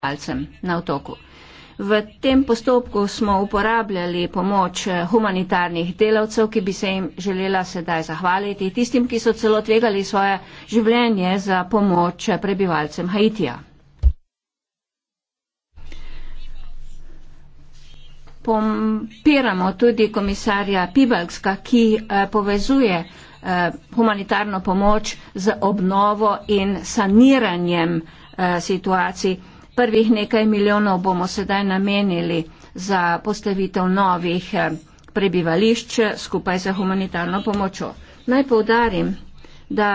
palcem na otoku. V tem postopku smo uporabljali pomoč eh, humanitarnih delavcev, ki bi se jim želela sedaj zahvaliti, tistim, ki so celo tvegali svoje življenje za pomoč eh, prebivalcem Haitija. Pompiramo tudi komisarja Pibalska, ki eh, povezuje humanitarno pomoč z obnovo in saniranjem situacij prvih nekaj milijonov bomo sedaj namenili za postavitev novih eh, prebivališč skupaj za humanitarno pomočjo. Naj povdarim, da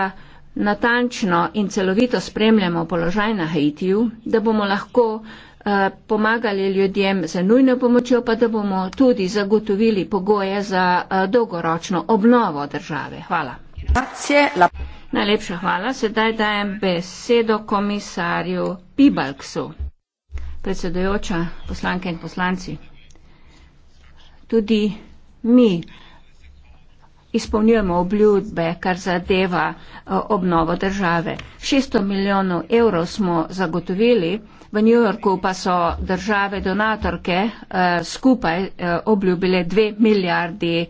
natančno in celovito spremljamo položaj na Haitiju, da bomo lahko eh, pomagali ljudem za nujno pomočjo, pa da bomo tudi zagotovili pogoje za eh, dolgoročno obnovo države. Hvala. Najlepša hvala. Sedaj dajem besedo komisarju Pibalksu predsedujoča, poslanke in poslanci. Tudi mi izpolnjujemo obljudbe, kar zadeva eh, obnovo države. 600 milijonov evrov smo zagotovili, v New Yorku pa so države donatorke eh, skupaj eh, obljubile 2 milijardi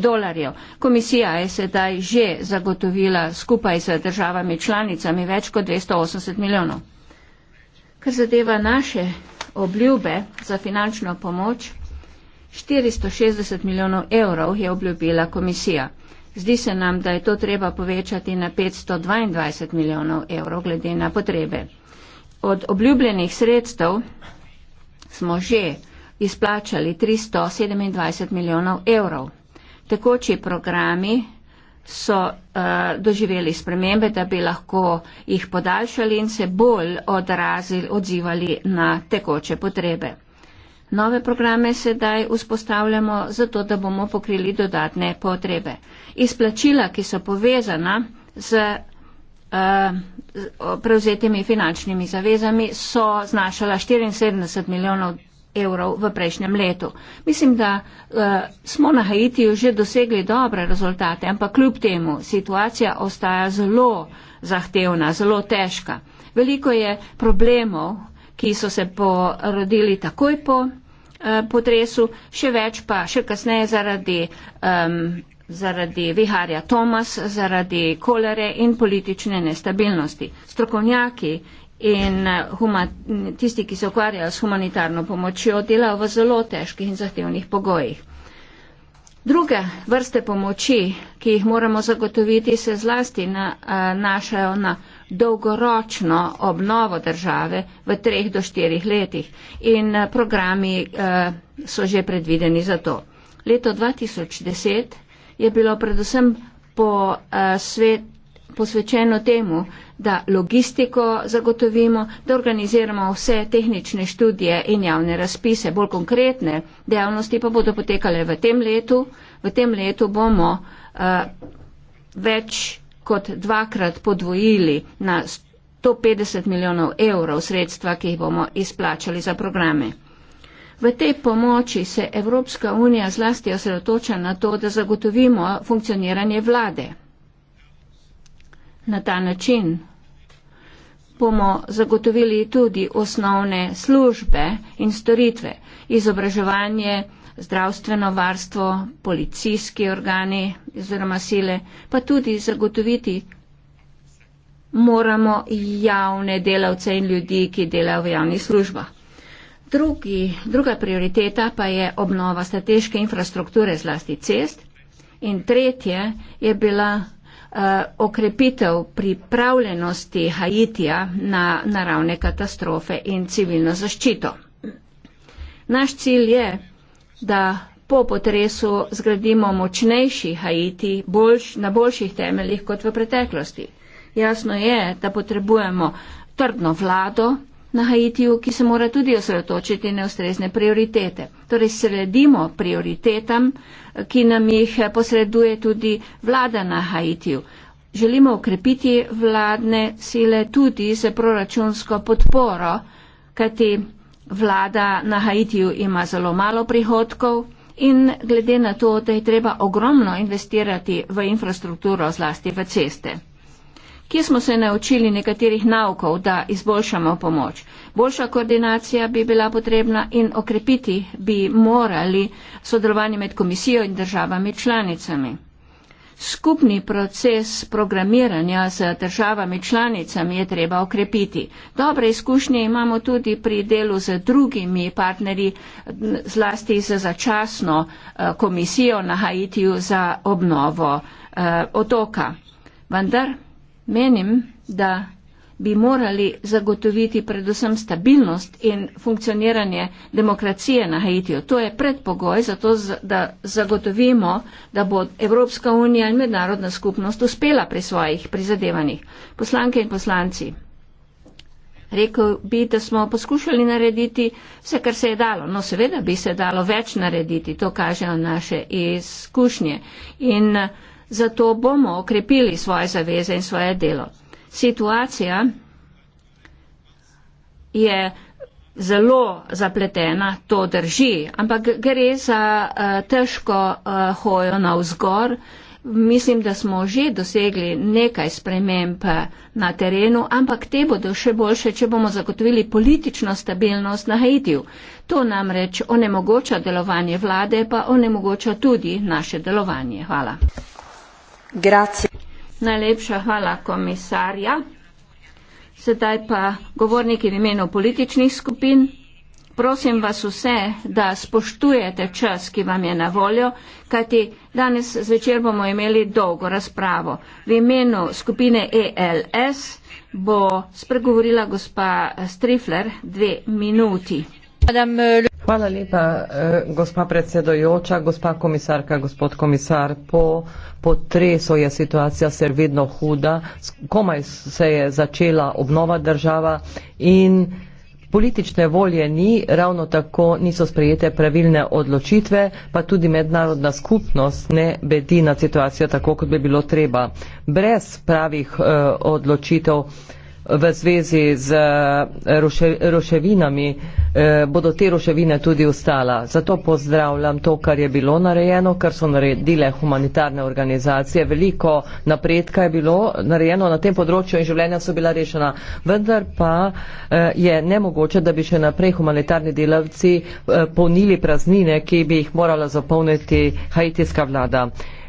dolarjev. Komisija je sedaj že zagotovila skupaj z državami članicami več kot 280 milijonov. Kar zadeva naše obljube za finančno pomoč, 460 milijonov evrov je obljubila komisija. Zdi se nam, da je to treba povečati na 522 milijonov evrov glede na potrebe. Od obljubljenih sredstev smo že izplačali 327 milijonov evrov. Tekoči programi so uh, doživeli spremembe, da bi lahko jih podaljšali in se bolj odrazili, odzivali na tekoče potrebe. Nove programe sedaj vzpostavljamo zato, da bomo pokrili dodatne potrebe. Izplačila, ki so povezana z, uh, z prevzetimi finančnimi zavezami, so znašala 74 milijonov evrov v prejšnjem letu. Mislim, da uh, smo na Haitiju že dosegli dobre rezultate, ampak kljub temu situacija ostaja zelo zahtevna, zelo težka. Veliko je problemov, ki so se porodili takoj po uh, potresu, še več pa še kasneje zaradi, um, zaradi viharja Tomas, zaradi kolere in politične nestabilnosti. Strokovnjaki in eh, huma, tisti, ki se ukvarjajo s humanitarno pomočjo, delajo v zelo težkih in zahtevnih pogojih. Druge vrste pomoči, ki jih moramo zagotoviti, se zlasti eh, nanašajo na dolgoročno obnovo države v treh do štirih letih in eh, programi so že predvideni za to. Leto 2010 je bilo predvsem po, svet, posvečeno temu, da logistiko zagotovimo, da organiziramo vse tehnične študije in javne razpise. Bolj konkretne dejavnosti pa bodo potekale v tem letu. V tem letu bomo uh, več kot dvakrat podvojili na 150 milijonov evrov sredstva, ki jih bomo izplačali za programe. V tej pomoči se Evropska unija zlasti osredotoča na to, da zagotovimo funkcioniranje vlade. Na ta način bomo zagotovili tudi osnovne službe in storitve, izobraževanje, zdravstveno varstvo, policijski organi oziroma sile, pa tudi zagotoviti moramo javne delavce in ljudi, ki delajo v javnih službah. Drugi, druga prioriteta pa je obnova strateške infrastrukture zlasti cest in tretje je bila Eh, okrepitev pripravljenosti Haitija na naravne katastrofe in civilno zaščito. Naš cilj je, da po potresu zgradimo močnejši Haiti boljš, na boljših temeljih kot v preteklosti. Jasno je, da potrebujemo trdno vlado, na Haitiju, ki se mora tudi osredotočiti na ustrezne prioritete. Torej sledimo prioritetam, ki nam jih posreduje tudi vlada na Haitiju. Želimo ukrepiti vladne sile tudi z proračunsko podporo, kajti vlada na Haitiju ima zelo malo prihodkov in glede na to, da je treba ogromno investirati v infrastrukturo, zlasti v ceste. Kje smo se naučili nekaterih naukov, da izboljšamo pomoč? Boljša koordinacija bi bila potrebna in okrepiti bi morali sodelovanje med komisijo in državami članicami. Skupni proces programiranja z državami članicami je treba okrepiti. Dobre izkušnje imamo tudi pri delu z drugimi partnerji, zlasti z začasno eh, komisijo na Haitiju za obnovo eh, otoka. Vendar Menim, da bi morali zagotoviti predvsem stabilnost in funkcioniranje demokracije na Haitiju. To je predpogoj za to, da zagotovimo, da bo Evropska unija in mednarodna skupnost uspela pri svojih prizadevanjih. Poslanke in poslanci, rekel bi, da smo poskušali narediti vse, kar se je dalo. No, seveda bi se dalo več narediti, to kažejo naše izkušnje. In, uh, Zato bomo okrepili svoje zaveze in svoje delo. Situacija je zelo zapletena, to drži, ampak gre za eh, težko eh, hojo navzgor. Mislim, da smo že dosegli nekaj sprememb eh, na terenu, ampak te bodo še boljše, če bomo zagotovili politično stabilnost na Haitiju. To namreč onemogoča delovanje vlade, pa onemogoča tudi naše delovanje. Hvala. Grazie. Najlepša hvala komisarja. Sedaj pa govorniki v imenu političnih skupin. Prosim vas vse, da spoštujete čas, ki vam je na voljo, kajti danes zvečer bomo imeli dolgo razpravo. V imenu skupine ELS bo spregovorila gospa Strifler dve minuti. Madame... Hvala lepa, eh, gospa predsedojoča, gospa komisarka, gospod komisar. Po potresu je situacija ser vedno huda, komaj se je začela obnova država in politične volje ni, ravno tako niso sprejete pravilne odločitve, pa tudi mednarodna skupnost ne bedi na situacijo tako, kot bi bilo treba. Brez pravih eh, odločitev v zvezi z eh, roše, roševinami, eh, bodo te roševine tudi ostala. Zato pozdravljam to, kar je bilo narejeno, kar so naredile humanitarne organizacije. Veliko napredka je bilo narejeno na tem področju in življenja so bila rešena. Vendar pa eh, je nemogoče, da bi še naprej humanitarni delavci polnili praznine, ki bi jih morala zapolniti haitijska vlada.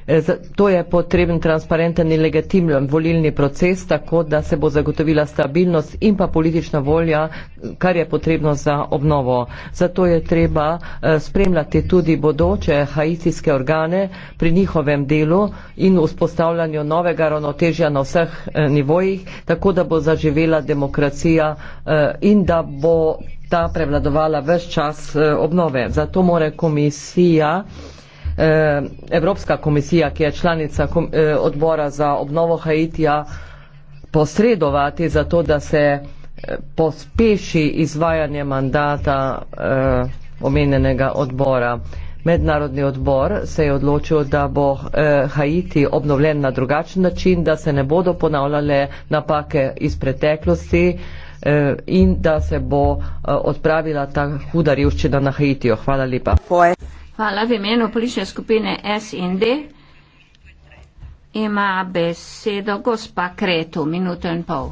Eh, to je potreben transparenten in legitimen volilni proces, tako da se bo zagotovila stabilnost in pa politična volja, kar je potrebno za obnovo. Zato je treba eh, spremljati tudi bodoče haitijske organe pri njihovem delu in vzpostavljanju novega ravnotežja na vseh eh, nivojih, tako da bo zaživela demokracija in da bo ta prevladovala vse čas obnove. Zato mora komisija Eh, Evropska komisija, ki je članica eh, odbora za obnovo Haitija, posredovati za to, da se eh, pospeši izvajanje mandata omenjenega odbora. Mednarodni odbor se je odločil, da bo Haiti obnovljen na drugačen način, da se ne bodo ponavljale napake iz preteklosti in da se bo odpravila ta huda revščina na Haitijo. Hvala lepa. Hvala. V imenu politične skupine SND ima besedo gospa Kretu, minuto in pol.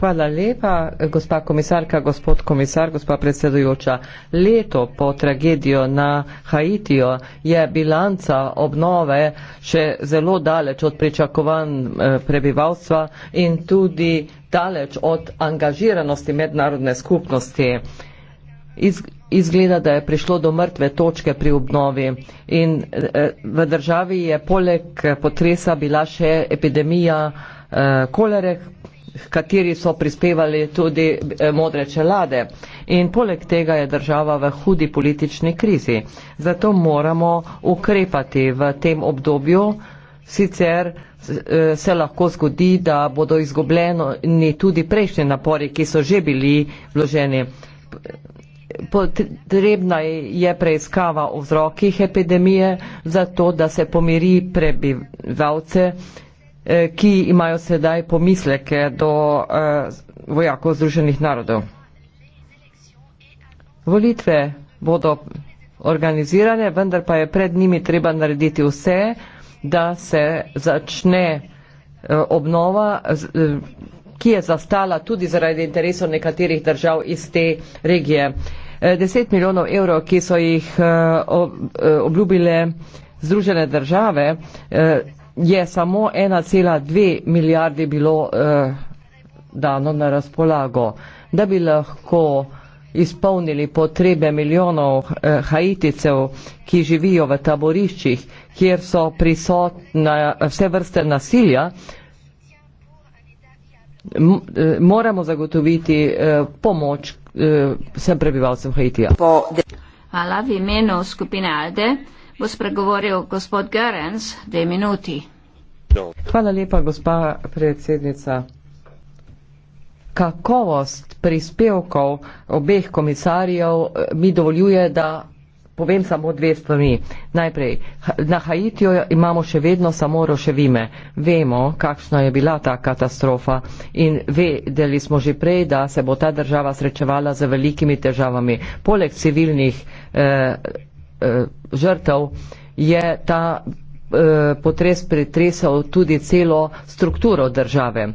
Hvala lepa, gospa komisarka, gospod komisar, gospa predsedujoča. Leto po tragedijo na Haitijo je bilanca obnove še zelo daleč od pričakovanj eh, prebivalstva in tudi daleč od angažiranosti mednarodne skupnosti. Iz, izgleda, da je prišlo do mrtve točke pri obnovi. In eh, v državi je poleg eh, potresa bila še epidemija eh, kolere, k kateri so prispevali tudi modre čelade. In poleg tega je država v hudi politični krizi. Zato moramo ukrepati v tem obdobju, sicer se lahko zgodi, da bodo izgubljeni tudi prejšnji napori, ki so že bili vloženi potrebna je preiskava o vzrokih epidemije, zato da se pomiri prebivalce, eh, ki imajo sedaj pomisleke do eh, vojakov Združenih narodov. Volitve bodo organizirane, vendar pa je pred njimi treba narediti vse, da se začne eh, obnova, ki je zastala tudi zaradi interesov nekaterih držav iz te regije. 10 eh, milijonov evrov, ki so jih eh, eh, obljubile Združene države, je samo 1,2 milijardi bilo dano na razpolago. Da bi lahko izpolnili potrebe milijonov haiticev, ki živijo v taboriščih, kjer so prisotna vse vrste nasilja, E, moramo zagotoviti e, pomoč e, vsem prebivalcem Haitija. Hvala. V imenu skupine Alde bo spregovoril gospod Gerens, dve minuti. No. Hvala lepa, gospa predsednica. Kakovost prispevkov obeh komisarjev mi dovoljuje, da Povem samo dve stvari. Najprej, na Haitiju imamo še vedno samo roševime. Vemo, kakšna je bila ta katastrofa in vedeli smo že prej, da se bo ta država srečevala z velikimi težavami. Poleg civilnih eh, eh, žrtev je ta eh, potres pretresal tudi celo strukturo države.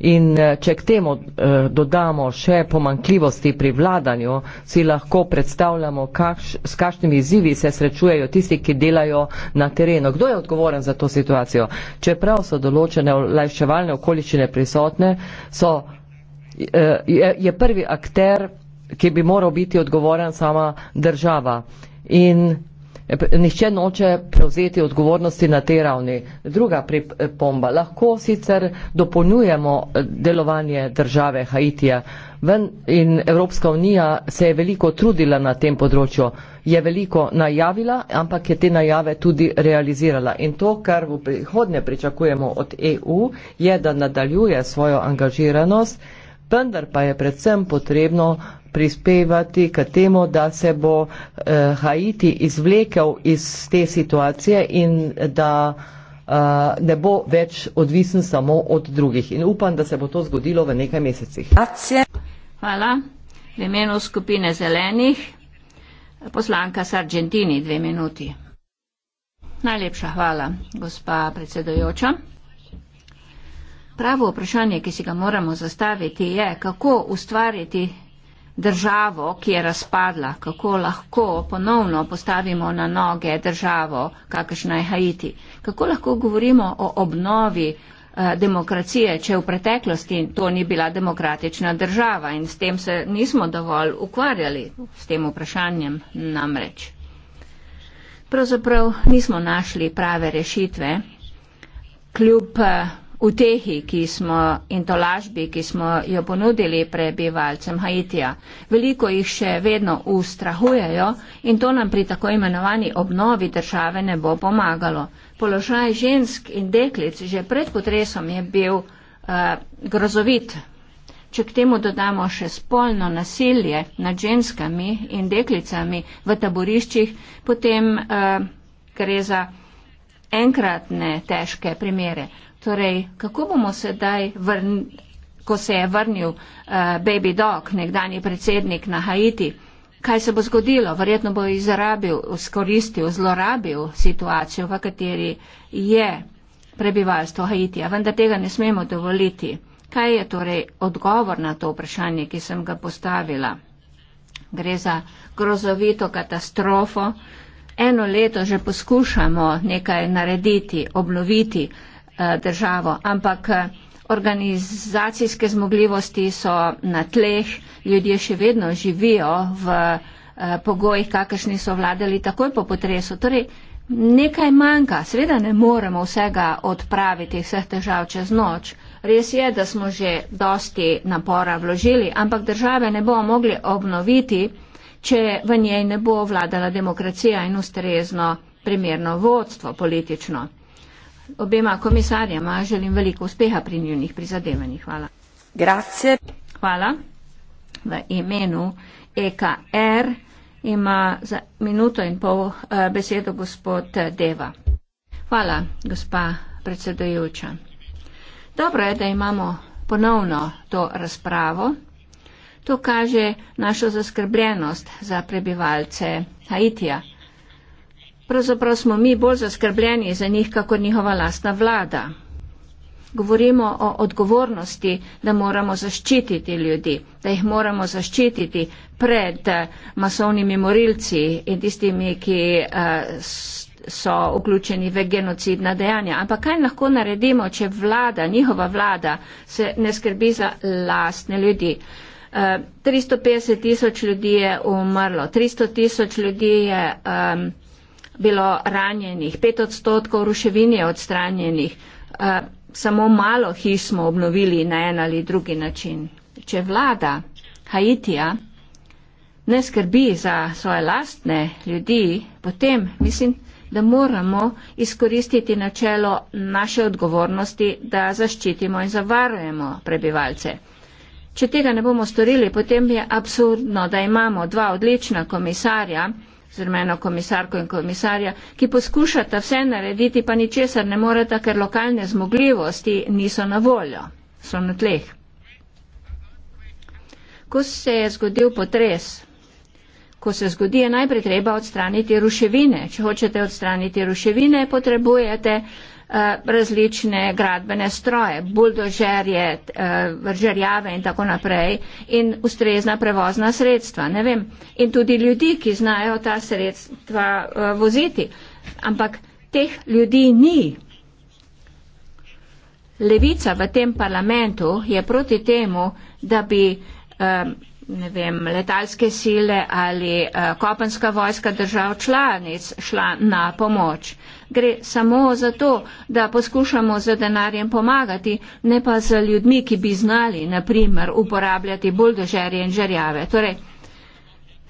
In eh, če k temu eh, dodamo še pomankljivosti pri vladanju, si lahko predstavljamo, kakš, s kakšnimi izzivi se srečujejo tisti, ki delajo na terenu. Kdo je odgovoren za to situacijo? Čeprav so določene olajševalne okoličine prisotne, so, eh, je, je prvi akter, ki bi moral biti odgovoren sama država. In Eh, nihče noče prevzeti odgovornosti na tej ravni. Druga pripomba, eh, lahko sicer dopolnjujemo eh, delovanje države Haitija in Evropska unija se je veliko trudila na tem področju, je veliko najavila, ampak je te najave tudi realizirala. In to, kar v prihodnje pričakujemo od EU, je, da nadaljuje svojo angažiranost vendar pa je predvsem potrebno prispevati k temu, da se bo eh, Haiti izvlekel iz te situacije in da eh, ne bo več odvisen samo od drugih. In upam, da se bo to zgodilo v nekaj mesecih. Hvala. V imenu skupine zelenih poslanka z Argentini dve minuti. Najlepša hvala, gospa predsedojoča. Pravo vprašanje, ki si ga moramo zastaviti, je, kako ustvariti državo, ki je razpadla, kako lahko ponovno postavimo na noge državo, kakršna je Haiti. Kako lahko govorimo o obnovi eh, demokracije, če v preteklosti to ni bila demokratična država in s tem se nismo dovolj ukvarjali, s tem vprašanjem namreč. Pravzaprav nismo našli prave rešitve, kljub. Eh, utehi smo, in tolažbi, ki smo jo ponudili prebivalcem Haitija. Veliko jih še vedno ustrahujejo in to nam pri tako imenovani obnovi države ne bo pomagalo. Položaj žensk in deklic že pred potresom je bil uh, grozovit. Če k temu dodamo še spolno nasilje nad ženskami in deklicami v taboriščih, potem uh, gre za enkratne težke primere. Torej, kako bomo sedaj, vrn, ko se je vrnil uh, Baby Dog, nekdani predsednik na Haiti, kaj se bo zgodilo? Verjetno bo izrabil, skoristil, zlorabil situacijo, v kateri je prebivalstvo Haitija, vendar tega ne smemo dovoliti. Kaj je torej odgovor na to vprašanje, ki sem ga postavila? Gre za grozovito katastrofo. Eno leto že poskušamo nekaj narediti, obnoviti, Eh, državo. Ampak eh, organizacijske zmogljivosti so na tleh, ljudje še vedno živijo v eh, pogojih, kakršni so vladali takoj po potresu. Torej, nekaj manjka. Sveda ne moremo vsega odpraviti, vseh težav čez noč. Res je, da smo že dosti napora vložili, ampak države ne bomo mogli obnoviti, če v njej ne bo vladala demokracija in ustrezno primerno vodstvo politično. Obema komisarjama želim veliko uspeha pri njenih prizadevanjih. Hvala. Grazie. Hvala. V imenu EKR ima za minuto in pol eh, besedo gospod Deva. Hvala, gospa predsedujoča. Dobro je, da imamo ponovno to razpravo. To kaže našo zaskrbljenost za prebivalce Haitija pravzaprav smo mi bolj zaskrbljeni za njih, kakor njihova lastna vlada. Govorimo o odgovornosti, da moramo zaščititi ljudi, da jih moramo zaščititi pred eh, masovnimi morilci in tistimi, ki eh, so vključeni v genocidna dejanja. Ampak kaj lahko naredimo, če vlada, njihova vlada, se ne skrbi za lastne ljudi? 350 eh, tisoč ljudi je umrlo, 300 tisoč ljudi je. Um, bilo ranjenih, pet odstotkov ruševin je odstranjenih, eh, samo malo hiš smo obnovili na en ali drugi način. Če vlada Haitija ne skrbi za svoje lastne ljudi, potem mislim, da moramo izkoristiti načelo naše odgovornosti, da zaščitimo in zavarujemo prebivalce. Če tega ne bomo storili, potem je absurdno, da imamo dva odlična komisarja, z rumeno komisarko in komisarja, ki poskušata vse narediti, pa ničesar ne moreta, ker lokalne zmogljivosti niso na voljo, so na tleh. Ko se je zgodil potres, ko se zgodi, je najprej treba odstraniti ruševine. Če hočete odstraniti ruševine, potrebujete Eh, različne gradbene stroje, buldožerje, vržerjave eh, in tako naprej in ustrezna prevozna sredstva. Ne vem. In tudi ljudi, ki znajo ta sredstva eh, voziti. Ampak teh ljudi ni. Levica v tem parlamentu je proti temu, da bi um, ne vem, letalske sile ali uh, kopenska vojska držav članic šla na pomoč. Gre samo za to, da poskušamo z denarjem pomagati, ne pa z ljudmi, ki bi znali, naprimer, uporabljati buldožerje in žerjave. Torej,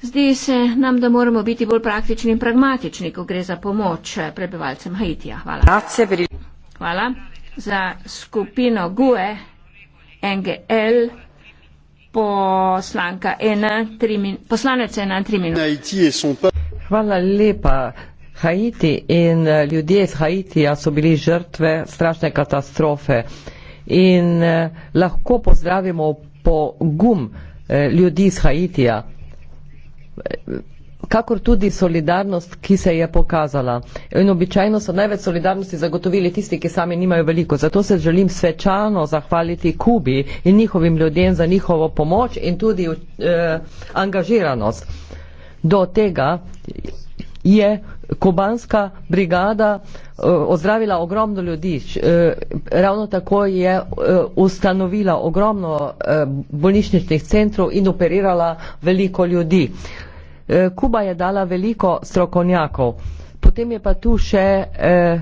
zdi se nam, da moramo biti bolj praktični in pragmatični, ko gre za pomoč eh, prebivalcem Haitija. Hvala. Hvala za skupino GUE, NGL poslanka ena, tri minute. Poslanec ena, tri minute. Hvala lepa. Haiti in eh, ljudje iz Haitija so bili žrtve strašne katastrofe in eh, lahko pozdravimo pogum eh, ljudi iz Haitija kakor tudi solidarnost, ki se je pokazala. In običajno so največ solidarnosti zagotovili tisti, ki sami nimajo veliko. Zato se želim svečano zahvaliti Kubi in njihovim ljudem za njihovo pomoč in tudi eh, angažiranost. Do tega je kubanska brigada eh, ozdravila ogromno ljudi. Eh, ravno tako je eh, ustanovila ogromno eh, bolnišničnih centrov in operirala veliko ljudi. Eh, Eh, Kuba je dala veliko strokovnjakov. Potem je pa tu še eh,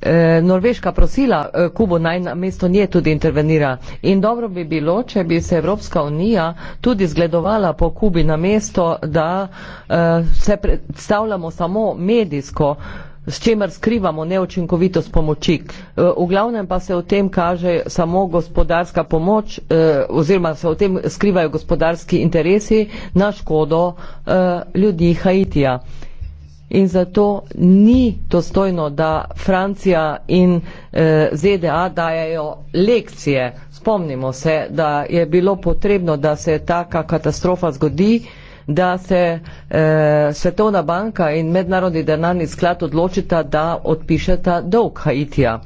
eh, Norveška prosila Kubo naj na mesto nje tudi intervenira. In dobro bi bilo, če bi se Evropska unija tudi zgledovala po Kubi na mesto, da se predstavljamo samo medijsko, s čemer skrivamo neočinkovitost pomoči. E, v glavnem pa se v tem kaže samo gospodarska pomoč e, oziroma se v tem skrivajo gospodarski interesi na škodo e, ljudi Haitija. In zato ni dostojno, da Francija in ZDA dajajo lekcije. Spomnimo se, da je bilo potrebno, da se taka katastrofa zgodi da se e, Svetovna banka in mednarodni denarni sklad odločita, da odpišeta dolg Haitija.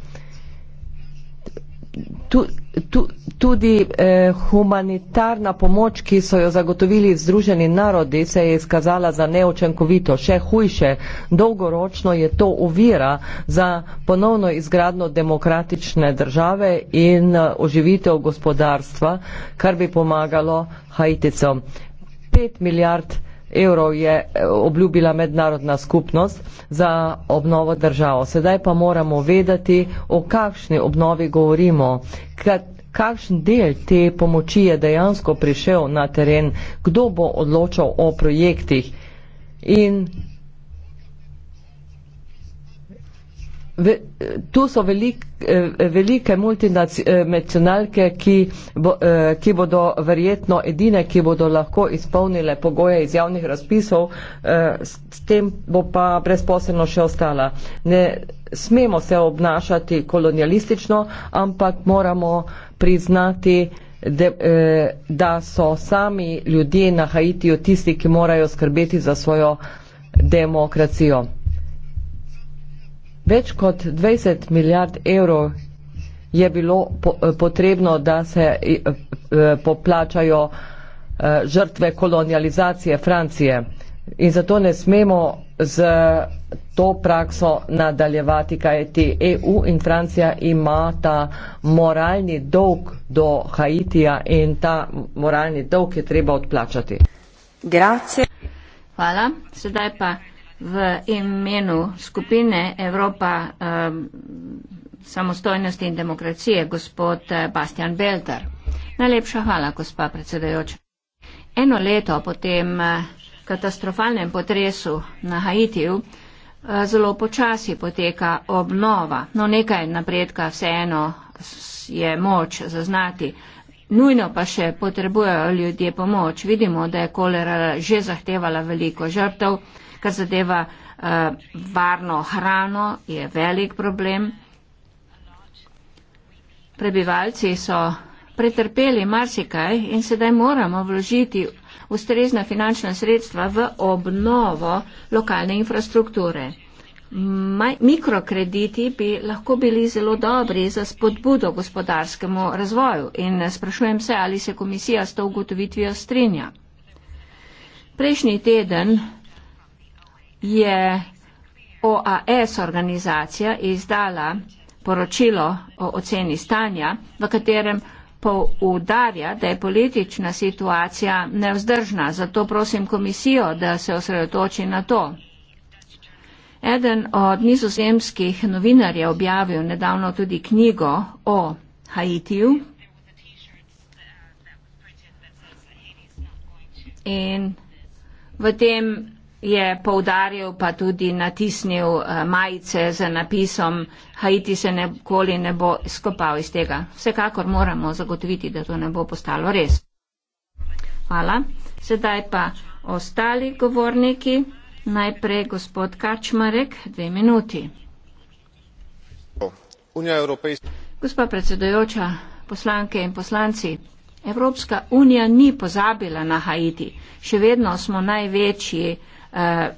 Tu, tu, tudi eh, humanitarna pomoč, ki so jo zagotovili Združeni narodi, se je izkazala za neočenkovito. Še hujše, dolgoročno je to uvira za ponovno izgradno demokratične države in eh, oživitev gospodarstva, kar bi pomagalo Haiticom. 5 milijard evrov je eh, obljubila mednarodna skupnost za obnovo državo. Sedaj pa moramo vedeti, o kakšni obnovi govorimo, kakšen del te pomoči je dejansko prišel na teren, kdo bo odločal o projektih in Tu so velik, eh, velike multinacionalke, ki, bo, eh, ki bodo verjetno edine, ki bodo lahko izpolnile pogoje iz javnih razpisov, eh, s tem bo pa brezposelno še ostala. Ne smemo se obnašati kolonialistično, ampak moramo priznati, De, eh, da so sami ljudje na Haitiju tisti, ki morajo skrbeti za svojo demokracijo. Več kot 20 milijard evrov je bilo eh, potrebno, da se eh, eh, poplačajo žrtve kolonializacije Francije. In zato ne smemo z to prakso nadaljevati, kaj ti EU in Francija ima ta moralni dolg do Haitija in ta moralni dolg je treba odplačati. Grazie. Hvala. Sedaj pa v imenu skupine Evropa um, samostojnosti in demokracije, gospod eh, Bastian Belter. Najlepša hvala, gospa predsedajoča. Eno leto po tem eh, katastrofalnem potresu na Haitiju eh, zelo počasi poteka obnova. No, nekaj napredka vseeno je moč zaznati. Nujno pa še potrebujejo ljudje pomoč. Vidimo, da je kolera že zahtevala veliko žrtev kar zadeva uh, varno hrano, je velik problem. Prebivalci so pretrpeli marsikaj in sedaj moramo vložiti ustrezna finančna sredstva v obnovo lokalne infrastrukture. Maj, mikrokrediti bi lahko bili zelo dobri za spodbudo gospodarskemu razvoju in sprašujem se, ali se komisija s to ugotovitvijo strinja. Prejšnji teden je OAS organizacija izdala poročilo o oceni stanja, v katerem poudarja, da je politična situacija nevzdržna. Zato prosim komisijo, da se osredotoči na to. Eden od nizozemskih novinarjev objavil nedavno tudi knjigo o Haitiju. In v tem je poudaril, pa tudi natisnil eh, majice z napisom Haiti se nikoli ne bo skopal iz tega. Vsekakor moramo zagotoviti, da to ne bo postalo res. Hvala. Sedaj pa ostali govorniki. Najprej gospod Kačmarek, dve minuti. Gospa predsedujoča, poslanke in poslanci, Evropska unija ni pozabila na Haiti. Še vedno smo največji. Eh,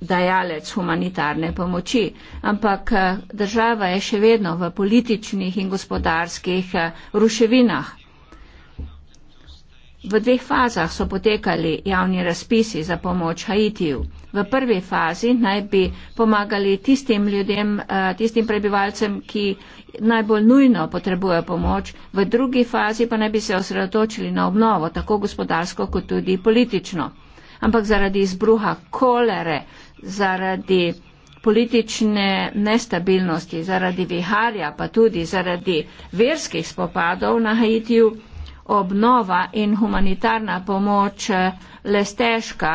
dajalec humanitarne pomoči. Ampak eh, država je še vedno v političnih in gospodarskih eh, ruševinah. V dveh fazah so potekali javni razpisi za pomoč Haitiju. V prvi fazi naj bi pomagali tistim ljudem, tistim prebivalcem, ki najbolj nujno potrebujejo pomoč, v drugi fazi pa naj bi se osredotočili na obnovo, tako gospodarsko kot tudi politično ampak zaradi izbruha kolere, zaradi politične nestabilnosti, zaradi viharja, pa tudi zaradi verskih spopadov na Haitiju, obnova in humanitarna pomoč eh, le stežka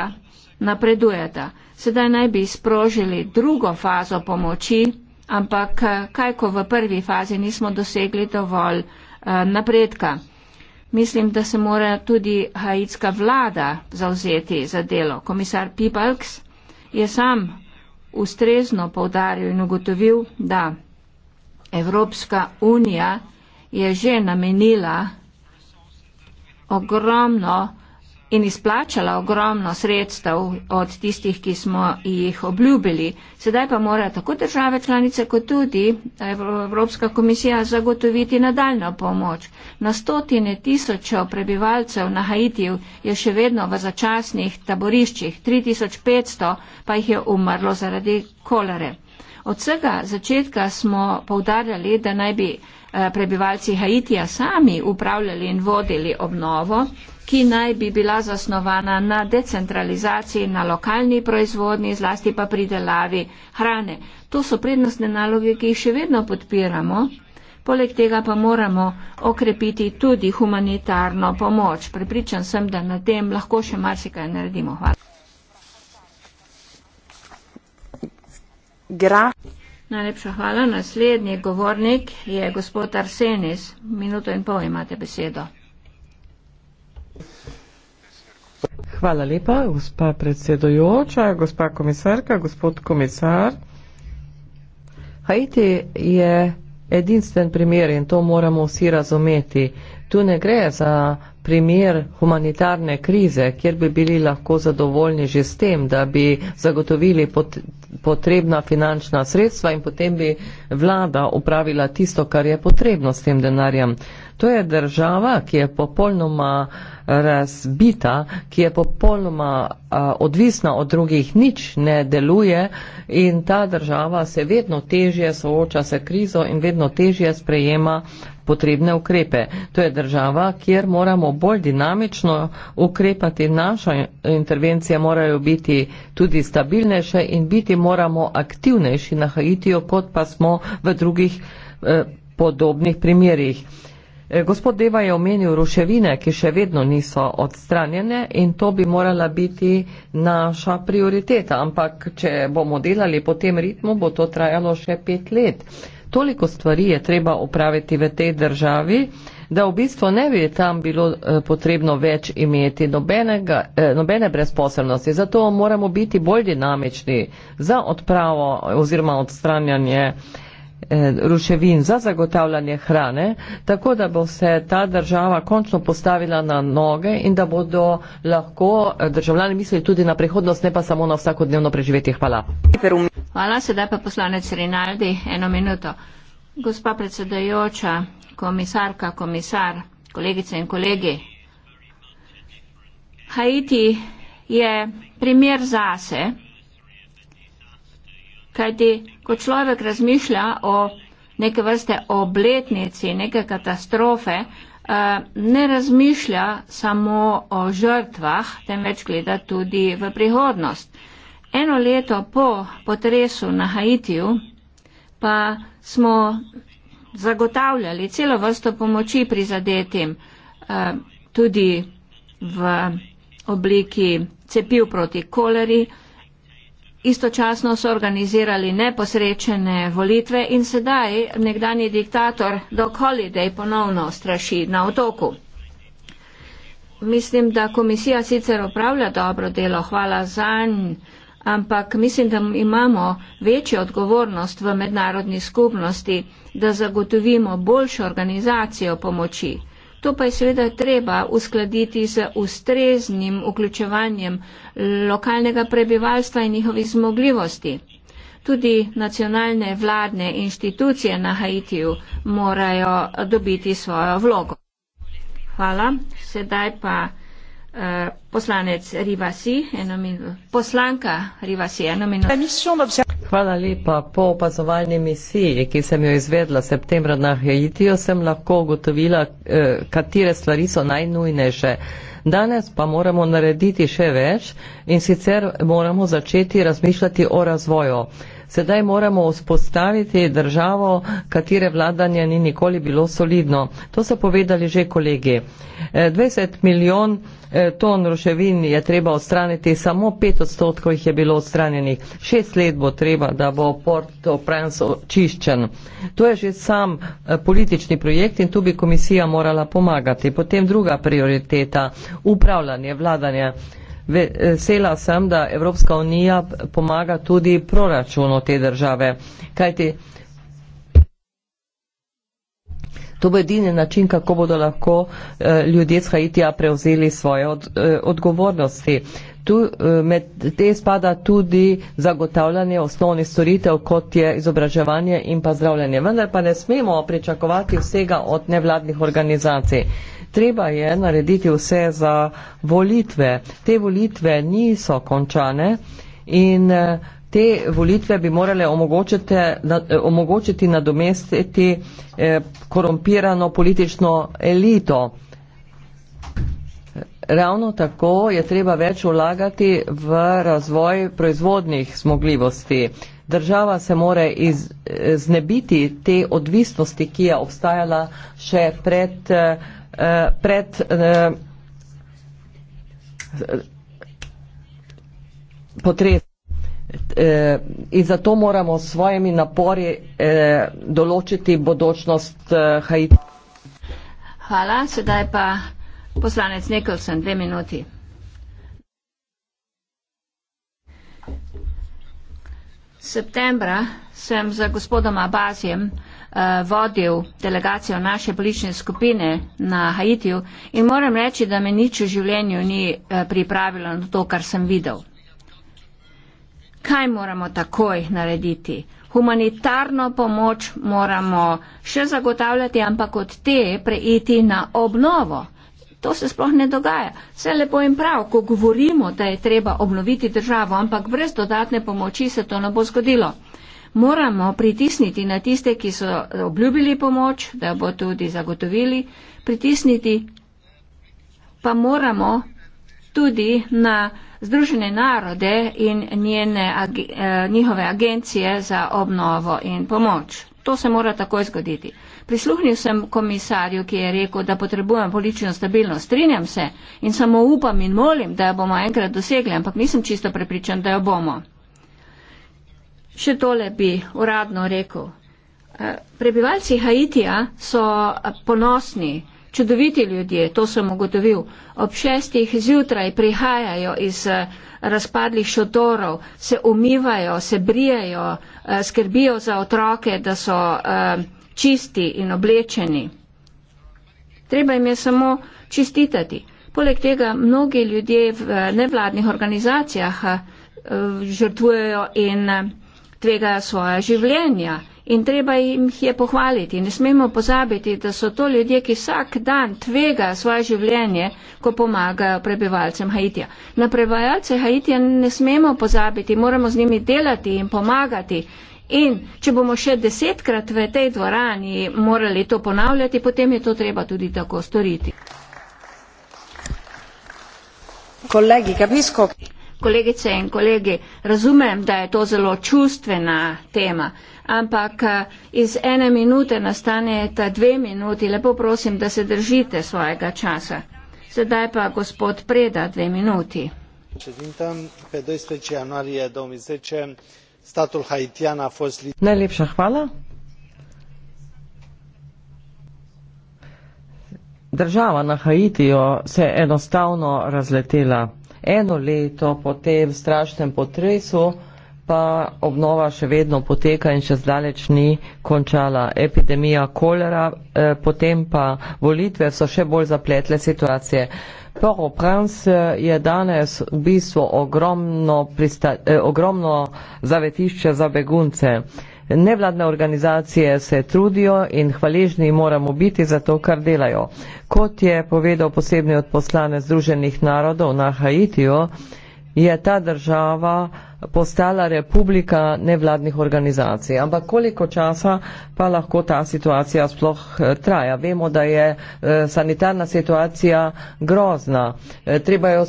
napredujeta. Sedaj naj bi sprožili drugo fazo pomoči, ampak eh, kaj, ko v prvi fazi nismo dosegli dovolj eh, napredka. Mislim, da se mora tudi haitska vlada zauzeti za delo. Komisar Pibalks je sam ustrezno povdaril in ugotovil, da Evropska unija je že namenila ogromno in izplačala ogromno sredstev od tistih, ki smo jih obljubili. Sedaj pa mora tako države članice, kot tudi Evropska komisija zagotoviti nadaljno pomoč. Na stotine tisočev prebivalcev na Haitiju je še vedno v začasnih taboriščih, 3500 pa jih je umrlo zaradi kolere. Od vsega začetka smo povdarjali, da naj bi eh, prebivalci Haitija sami upravljali in vodili obnovo, ki naj bi bila zasnovana na decentralizaciji, na lokalni proizvodnji, zlasti pa pridelavi hrane. To so prednostne naloge, ki jih še vedno podpiramo. Poleg tega pa moramo okrepiti tudi humanitarno pomoč. Prepričan sem, da na tem lahko še marsikaj naredimo. Hvala. Gra. Najlepša hvala. Naslednji govornik je gospod Arsenis. Minuto in pol imate besedo. Hvala lepa, gospa predsedojoča, gospa komisarka, gospod komisar. Haiti je edinstven primer in to moramo vsi razumeti. Tu ne gre za primer humanitarne krize, kjer bi bili lahko zadovoljni že s tem, da bi zagotovili potrebna finančna sredstva in potem bi vlada upravila tisto, kar je potrebno s tem denarjem. To je država, ki je popolnoma eh, razbita, ki je popolnoma a, eh, odvisna od drugih, nič ne deluje in ta država se vedno težje sooča se krizo in vedno težje sprejema potrebne ukrepe. To je država, kjer moramo bolj dinamično ukrepati. Naša intervencija morajo biti tudi stabilnejše in biti moramo aktivnejši na Haitijo, kot pa smo v drugih eh, podobnih primerjih. Eh, gospod Deva je omenil ruševine, ki še vedno niso odstranjene in to bi morala biti naša prioriteta, ampak če bomo delali po tem ritmu, bo to trajalo še pet let. Toliko stvari je treba upraviti v tej državi, da v bistvu ne bi tam bilo eh, potrebno več imeti nobenega, eh, nobene brezposobnosti. Zato moramo biti bolj dinamični za odpravo oziroma odstranjanje eh, Eh, ruševin za zagotavljanje hrane, tako da bo se ta država končno postavila na noge in da bodo lahko eh, državljani mislili tudi na prihodnost, ne pa samo na vsakodnevno preživetje. Hvala. Hvala, sedaj pa poslanec Rinaldi, eno minuto. Gospa predsedajoča, komisarka, komisar, kolegice in kolegi. Haiti je primer zase, kajti ko človek razmišlja o neke vrste obletnici, neke katastrofe, eh, ne razmišlja samo o žrtvah, temveč gleda tudi v prihodnost. Eno leto po potresu na Haitiju pa smo zagotavljali celo vrsto pomoči prizadetim, eh, tudi v obliki cepiv proti koleri, Istočasno so organizirali neposrečene volitve in sedaj nekdani diktator Doc Holiday ponovno straši na otoku. Mislim, da komisija sicer opravlja dobro delo, hvala za nj, ampak mislim, da imamo večjo odgovornost v mednarodni skupnosti, da zagotovimo boljšo organizacijo pomoči. To pa je seveda treba uskladiti z ustreznim vključevanjem lokalnega prebivalstva in njihovih zmogljivosti. Tudi nacionalne vladne inštitucije na Haitiju morajo dobiti svojo vlogo. Hvala. Sedaj pa uh, poslanec Rivasi, eno minuto. Poslanka Rivasi, eno minuto. Hvala lepa. Po opazovalni misiji, ki sem jo izvedla septembra na Haitiju, sem lahko ugotovila, eh, katere stvari so najnujnejše. Danes pa moramo narediti še več in sicer moramo začeti razmišljati o razvoju. Sedaj moramo vzpostaviti državo, katere vladanje ni nikoli bilo solidno. To so povedali že kolegi. 20 e, milijon e, ton roševin je treba odstraniti, samo 5 odstotkov jih je bilo odstranjenih. Šest let bo treba, da bo Porto Prens očiščen. To je že sam e, politični projekt in tu bi komisija morala pomagati. Potem druga prioriteta, upravljanje, vladanje. Vesela eh, sem, da Evropska unija pomaga tudi proračunu te države, kajti to bo edini način, kako bodo lahko eh, ljudje z Haitija prevzeli svoje od, eh, odgovornosti. Tu med te spada tudi zagotavljanje osnovnih storitev, kot je izobraževanje in pa zdravljanje. Vendar pa ne smemo pričakovati vsega od nevladnih organizacij treba je narediti vse za volitve. Te volitve niso končane in eh, te volitve bi morale omogočiti, eh, omogočiti nadomestiti eh, korumpirano politično elito. Ravno tako je treba več vlagati v razvoj proizvodnih zmogljivosti. Država se mora iznebiti te odvisnosti, ki je obstajala še pred uh, pred uh, eh, potresom. Eh, in zato moramo s svojimi napori eh, določiti bodočnost eh, Haiti. Hvala, sedaj pa poslanec Nikolsen, dve minuti. Septembra sem za gospodom Abazijem uh, vodil delegacijo naše politične skupine na Haitiju in moram reči, da me nič v življenju ni uh, pripravilo na to, kar sem videl. Kaj moramo takoj narediti? Humanitarno pomoč moramo še zagotavljati, ampak od te preiti na obnovo. To se sploh ne dogaja. Vse lepo in prav, ko govorimo, da je treba obnoviti državo, ampak brez dodatne pomoči se to ne bo zgodilo moramo pritisniti na tiste, ki so obljubili pomoč, da bo tudi zagotovili, pritisniti pa moramo tudi na Združene narode in njene, eh, njihove agencije za obnovo in pomoč. To se mora takoj zgoditi. Prisluhnil sem komisarju, ki je rekel, da potrebujem politično stabilnost. Strinjam se in samo upam in molim, da jo bomo enkrat dosegli, ampak nisem čisto prepričan, da jo bomo. Še tole bi uradno rekel. Eh, prebivalci Haitija so eh, ponosni, čudoviti ljudje, to sem ugotovil. Ob šestih zjutraj prihajajo iz eh, razpadlih šotorov, se umivajo, se brijajo, skrbijo za otroke, da so čisti in oblečeni. Treba jim je samo čistitati. Poleg tega mnogi ljudje v nevladnih organizacijah žrtvujejo in tvegajo svoja življenja in treba jih je pohvaliti. Ne smemo pozabiti, da so to ljudje, ki vsak dan tvegajo svoje življenje, ko pomagajo prebivalcem Haitija. Na prebivalce Haitija ne smemo pozabiti, moramo z njimi delati in pomagati. In če bomo še desetkrat v tej dvorani morali to ponavljati, potem je to treba tudi tako storiti. Kolegi, capisco kolegice in kolegi, razumem, da je to zelo čustvena tema, ampak eh, iz ene minute nastane ta dve minuti, lepo prosim, da se držite svojega časa. Sedaj pa gospod Preda, dve minuti. Najlepša hvala. Država na Haitijo se je enostavno razletela eno leto po tem strašnem potresu pa obnova še vedno poteka in še zdaleč ni končala epidemija kolera, eh, potem pa volitve so še bolj zapletle situacije. Port-au-Prince eh, je danes v bistvu ogromno, pristaj, eh, ogromno zavetišče za begunce. Eh, Nevladne organizacije se trudijo in hvaležni moramo biti za to, kar delajo. Kot je povedal posebni odposlane Združenih narodov na Haitijo, je ta država postala republika nevladnih organizacij. Ampak koliko časa pa lahko ta situacija sploh eh, traja? Vemo, da je eh, sanitarna situacija grozna. Eh, treba jo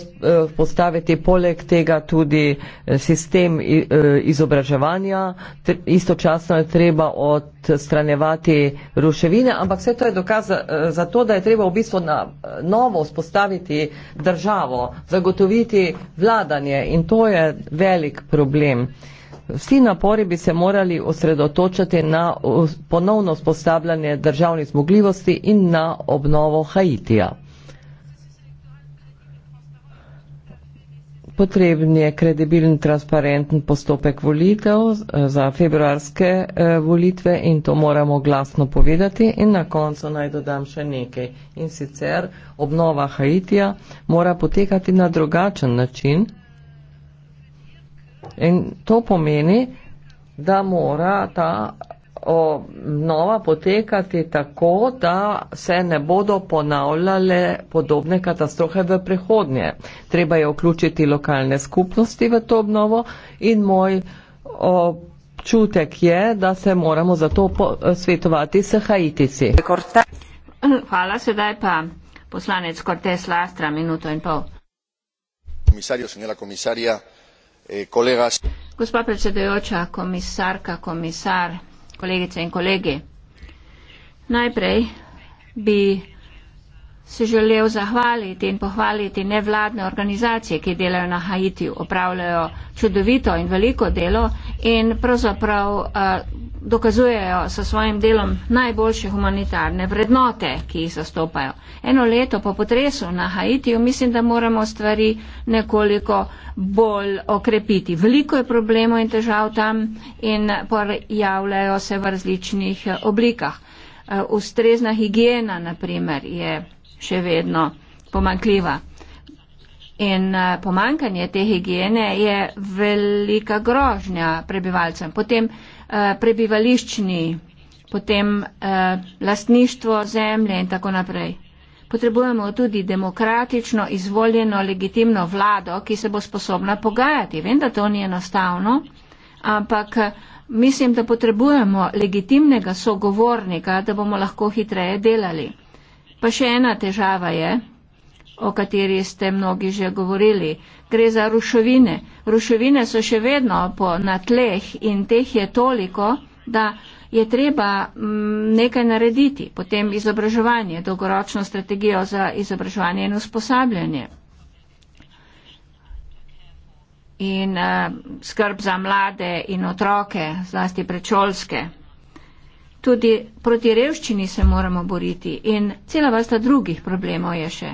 postaviti poleg tega tudi sistem izobraževanja. Istočasno je treba od odstranjevati ruševine, ampak vse to je dokaz eh, za to, da je treba v bistvu na eh, novo vzpostaviti državo, zagotoviti vladanje in to je velik problem. Vsi napori bi se morali osredotočati na ponovno vzpostavljanje državnih zmogljivosti in na obnovo Haitija. potreben je kredibilen, transparenten postopek volitev eh, za februarske eh, volitve in to moramo glasno povedati. In na koncu naj dodam še nekaj. In sicer obnova Haitija mora potekati na drugačen način. In to pomeni, da mora ta obnova potekati tako, da se ne bodo ponavljale podobne katastrofe v prihodnje. Treba je vključiti lokalne skupnosti v to obnovo in moj občutek je, da se moramo za to svetovati s Haitici. Hvala, sedaj pa poslanec Cortes Lastra, minuto in pol. Komisarjo, senjora komisarja, eh, kolega. Gospa predsedujoča, komisarka, komisar, kolegice in kolegi. Najprej bi se želel zahvaliti in pohvaliti nevladne organizacije, ki delajo na Haitiju, opravljajo čudovito in veliko delo in pravzaprav eh, dokazujejo s svojim delom najboljše humanitarne vrednote, ki jih zastopajo. Eno leto po potresu na Haitiju mislim, da moramo stvari nekoliko bolj okrepiti. Veliko je problemov in težav tam in pojavljajo se v različnih oblikah. Eh, ustrezna higiena, na primer, je še vedno pomankljiva. In eh, pomankanje te higiene je velika grožnja prebivalcem. Potem eh, prebivališčni, potem eh, lastništvo zemlje in tako naprej. Potrebujemo tudi demokratično izvoljeno legitimno vlado, ki se bo sposobna pogajati. Vem, da to ni enostavno, ampak mislim, da potrebujemo legitimnega sogovornika, da bomo lahko hitreje delali. Pa še ena težava je, o kateri ste mnogi že govorili. Gre za ruševine. Ruševine so še vedno po, na tleh in teh je toliko, da je treba mm, nekaj narediti. Potem izobraževanje, dolgoročno strategijo za izobraževanje in usposabljanje. In uh, skrb za mlade in otroke, zlasti prečolske tudi proti revščini se moramo boriti in cela vrsta drugih problemov je še.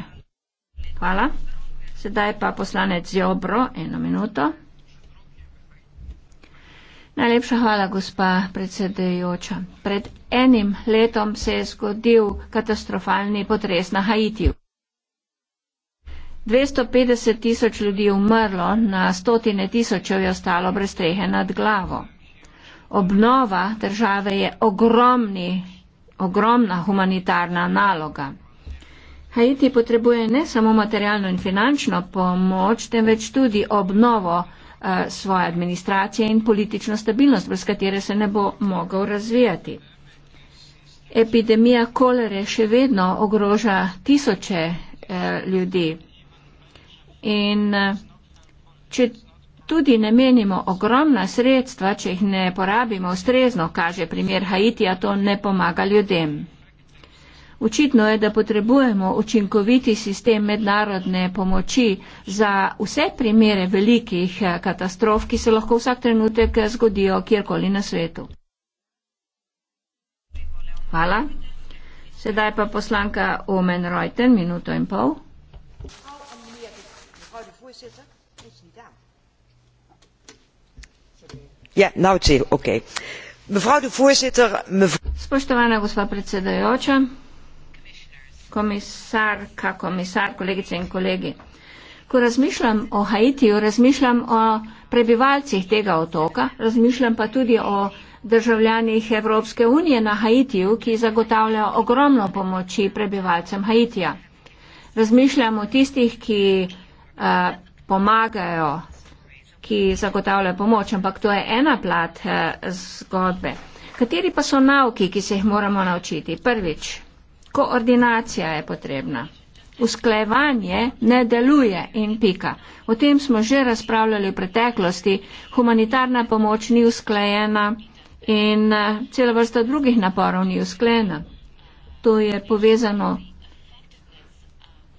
Hvala. Sedaj pa poslanec Jobro, eno minuto. Najlepša hvala, gospa predsedujoča. Pred enim letom se je zgodil katastrofalni potres na Haitiju. 250 tisoč ljudi je umrlo, na stotine tisočev je ostalo brez strehe nad glavo obnova države je ogromni, ogromna humanitarna naloga. Haiti potrebuje ne samo materialno in finančno pomoč, temveč tudi obnovo uh, svoje administracije in politično stabilnost, brez katere se ne bo mogel razvijati. Epidemija kolere še vedno ogroža tisoče uh, ljudi. In uh, če tudi ne menimo ogromna sredstva, če jih ne porabimo ustrezno, kaže primer Haitija, to ne pomaga ljudem. Očitno je, da potrebujemo učinkoviti sistem mednarodne pomoči za vse primere velikih eh, katastrof, ki se lahko vsak trenutek eh, zgodijo kjerkoli na svetu. Hvala. Sedaj pa poslanka Omen Reuten, minuto in pol. Ja, spoštovana gospa predsedujoča komisarka komisar kolegice in kolegi ko razmišljam o haitiju razmišljam o prebivalcih tega otoka razmišljam pa tudi o državljanih evropske unije na haitiju ki zagotavljajo ogromno pomoči prebivalcem haitija razmišljam o tistih ki uh, pomagajo ki zagotavlja pomoč, ampak to je ena plat eh, zgodbe. Kateri pa so nauki, ki se jih moramo naučiti? Prvič, koordinacija je potrebna. Usklevanje ne deluje in pika. O tem smo že razpravljali v preteklosti. Humanitarna pomoč ni usklejena in eh, celo vrsta drugih naporov ni usklejena. To je povezano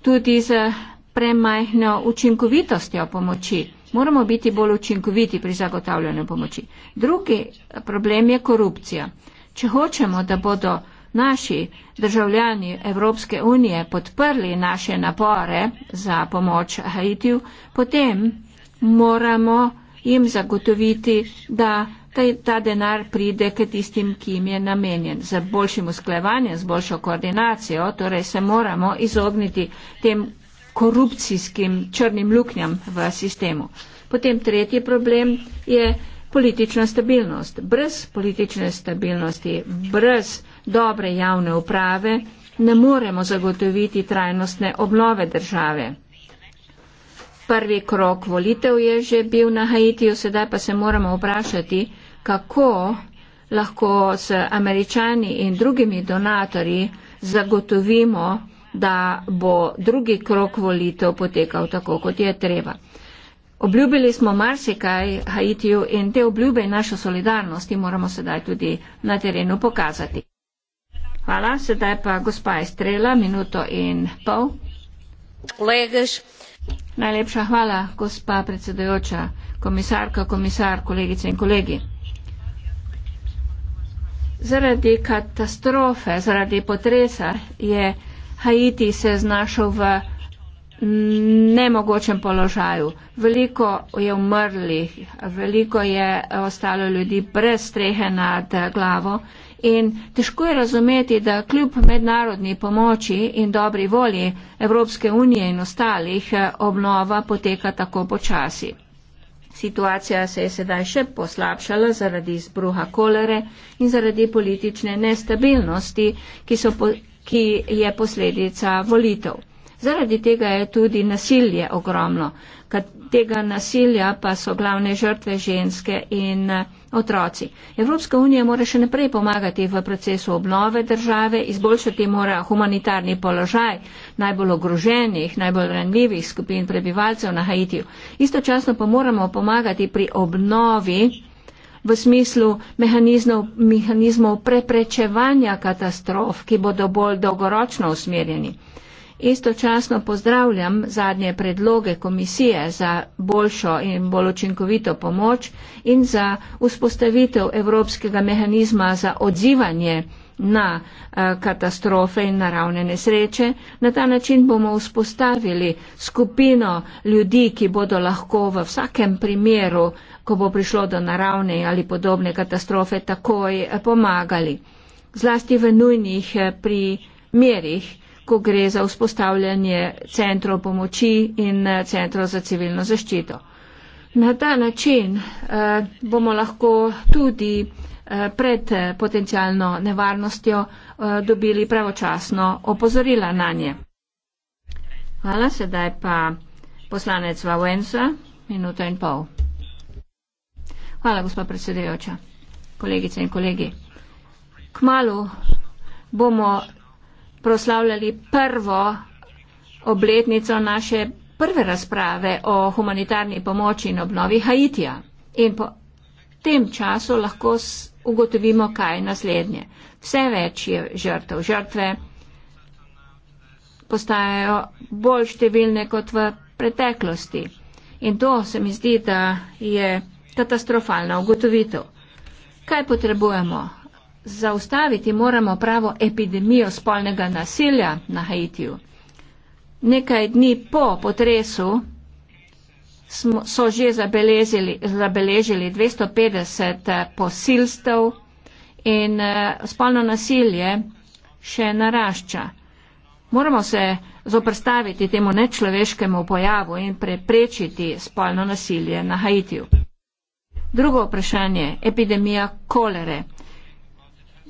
tudi z premajhno učinkovitostjo pomoči moramo biti bolj učinkoviti pri zagotavljanju pomoči. Drugi problem je korupcija. Če hočemo, da bodo naši državljani Evropske unije podprli naše napore za pomoč Haitiju, potem moramo jim zagotoviti, da ta denar pride k tistim, ki jim je namenjen. Za boljšim usklevanjem, z boljšo koordinacijo, torej se moramo izogniti tem korupcijskim črnim luknjam v sistemu. Potem tretji problem je politična stabilnost. Brez politične stabilnosti, brez dobre javne uprave ne moremo zagotoviti trajnostne obnove države. Prvi krok volitev je že bil na Haitiju, sedaj pa se moramo vprašati, kako lahko s američani in drugimi donatorji zagotovimo da bo drugi krok volitev potekal tako, kot je treba. Obljubili smo marsikaj Haitiju in te obljube in našo solidarnost in moramo sedaj tudi na terenu pokazati. Hvala, sedaj pa gospa Estrela, minuto in pol. Kolegiš. Najlepša hvala, gospa predsedujoča, komisarka, komisar, kolegice in kolegi. Zaradi katastrofe, zaradi potresa je. Haiti se je znašel v nemogočem položaju. Veliko je umrlih, veliko je ostalo ljudi brez strehe nad glavo in težko je razumeti, da kljub mednarodni pomoči in dobri volji Evropske unije in ostalih obnova poteka tako počasi. Situacija se je sedaj še poslabšala zaradi izbruha kolere in zaradi politične nestabilnosti, ki so. Po ki je posledica volitev. Zaradi tega je tudi nasilje ogromno. Kad tega nasilja pa so glavne žrtve ženske in eh, otroci. Evropska unija mora še naprej pomagati v procesu obnove države, izboljšati mora humanitarni položaj najbolj ogroženih, najbolj ranljivih skupin prebivalcev na Haitiju. Istočasno pa moramo pomagati pri obnovi v smislu mehanizmov, mehanizmov preprečevanja katastrof, ki bodo bolj dolgoročno usmerjeni. Istočasno pozdravljam zadnje predloge komisije za boljšo in bolj učinkovito pomoč in za vzpostavitev evropskega mehanizma za odzivanje na eh, katastrofe in naravne nesreče. Na ta način bomo vzpostavili skupino ljudi, ki bodo lahko v vsakem primeru ko bo prišlo do naravne ali podobne katastrofe, takoj pomagali. Zlasti v nujnih eh, primerih, ko gre za vzpostavljanje centrov pomoči in eh, centrov za civilno zaščito. Na ta način eh, bomo lahko tudi eh, pred eh, potencijalno nevarnostjo eh, dobili pravočasno opozorila na nje. Hvala, sedaj pa poslanec Vavensa, minuta in pol. Hvala, gospod predsedujoča. Kolegice in kolegi. Kmalo bomo proslavljali prvo obletnico naše prve razprave o humanitarni pomoči in obnovi Haitija. In po tem času lahko ugotovimo, kaj je naslednje. Vse več je žrtev. Žrtve postajajo bolj številne kot v preteklosti. In to se mi zdi, da je katastrofalna ugotovitev. Kaj potrebujemo? Zaustaviti moramo pravo epidemijo spolnega nasilja na Haitiju. Nekaj dni po potresu smo, so že zabeležili, zabeležili 250 eh, posilstev in eh, spolno nasilje še narašča. Moramo se zoprstaviti temu nečloveškemu pojavu in preprečiti spolno nasilje na Haitiju. Drugo vprašanje, epidemija kolere.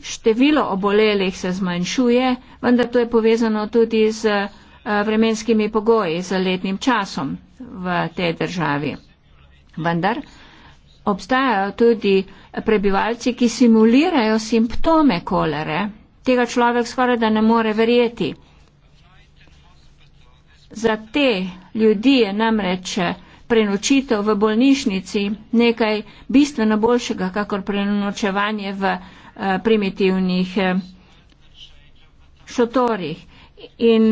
Število obolelih se zmanjšuje, vendar to je povezano tudi z eh, vremenskimi pogoji, z letnim časom v tej državi. Vendar obstajajo tudi prebivalci, ki simulirajo simptome kolere. Tega človek skoraj da ne more verjeti. Za te ljudi je namreč prenočitev v bolnišnici nekaj bistveno boljšega, kakor prenočevanje v eh, primitivnih eh, šotorih. In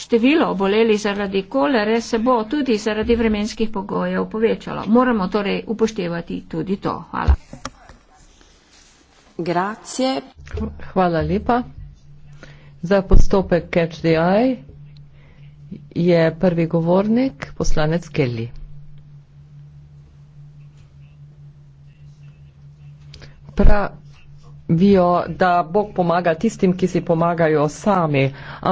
Število oboleli zaradi kolere se bo tudi zaradi vremenskih pogojev povečalo. Moramo torej upoštevati tudi to. Hvala. Grazie. Hvala lepa. Za postopek catch the eye je prvi govornik poslanec Kelly. Pravijo, da Bog pomaga tistim, ki si pomagajo sami,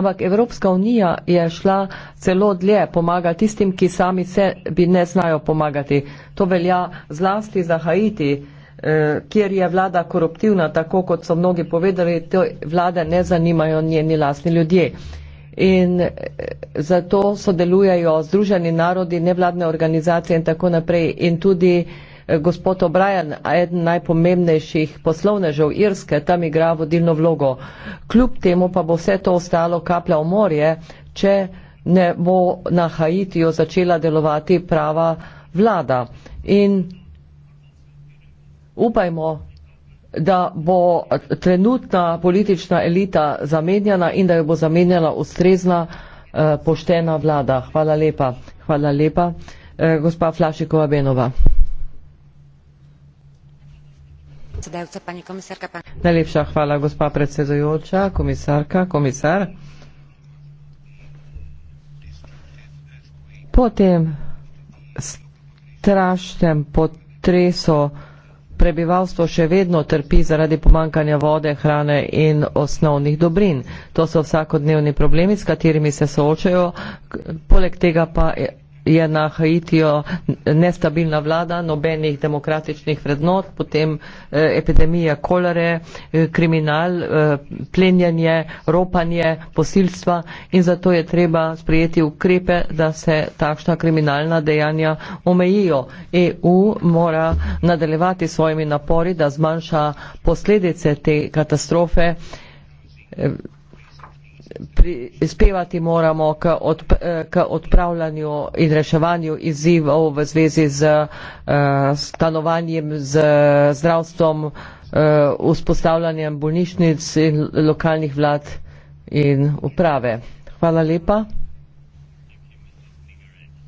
ampak Evropska unija je šla celo dlje pomaga tistim, ki sami sebi ne znajo pomagati. To velja zlasti za Haiti, eh, kjer je vlada koruptivna, tako kot so mnogi povedali, te vlade ne zanimajo njeni lasni ljudje in eh, zato sodelujejo Združeni narodi, nevladne organizacije in tako naprej in tudi eh, gospod O'Brien, eden najpomembnejših poslovnežev Irske, tam igra vodilno vlogo. Kljub temu pa bo vse to ostalo kaplja v morje, če ne bo na Haitiju začela delovati prava vlada. In upajmo, da bo trenutna politična elita zamenjana in da jo bo zamenjala ustrezna eh, poštena vlada. Hvala lepa. Hvala lepa. Eh, gospa Flašikova Benova. Najlepša hvala, gospa predsedujoča, komisarka, komisar. Po tem strašnem potresu, prebivalstvo še vedno trpi zaradi pomankanja vode, hrane in osnovnih dobrin. To so vsakodnevni problemi, s katerimi se soočajo, poleg tega pa je na Haitiju nestabilna vlada, nobenih demokratičnih vrednot, potem eh, epidemija kolere, eh, kriminal, eh, plenjanje, ropanje, posilstva in zato je treba sprijeti ukrepe, da se takšna kriminalna dejanja omejijo. EU mora nadaljevati svojimi napori, da zmanjša posledice te katastrofe prispevati moramo k, odp eh, k odpravljanju in reševanju izzivov v zvezi z uh, stanovanjem, z zdravstvom, uh, vzpostavljanjem bolnišnic in lokalnih vlad in uprave. Hvala lepa.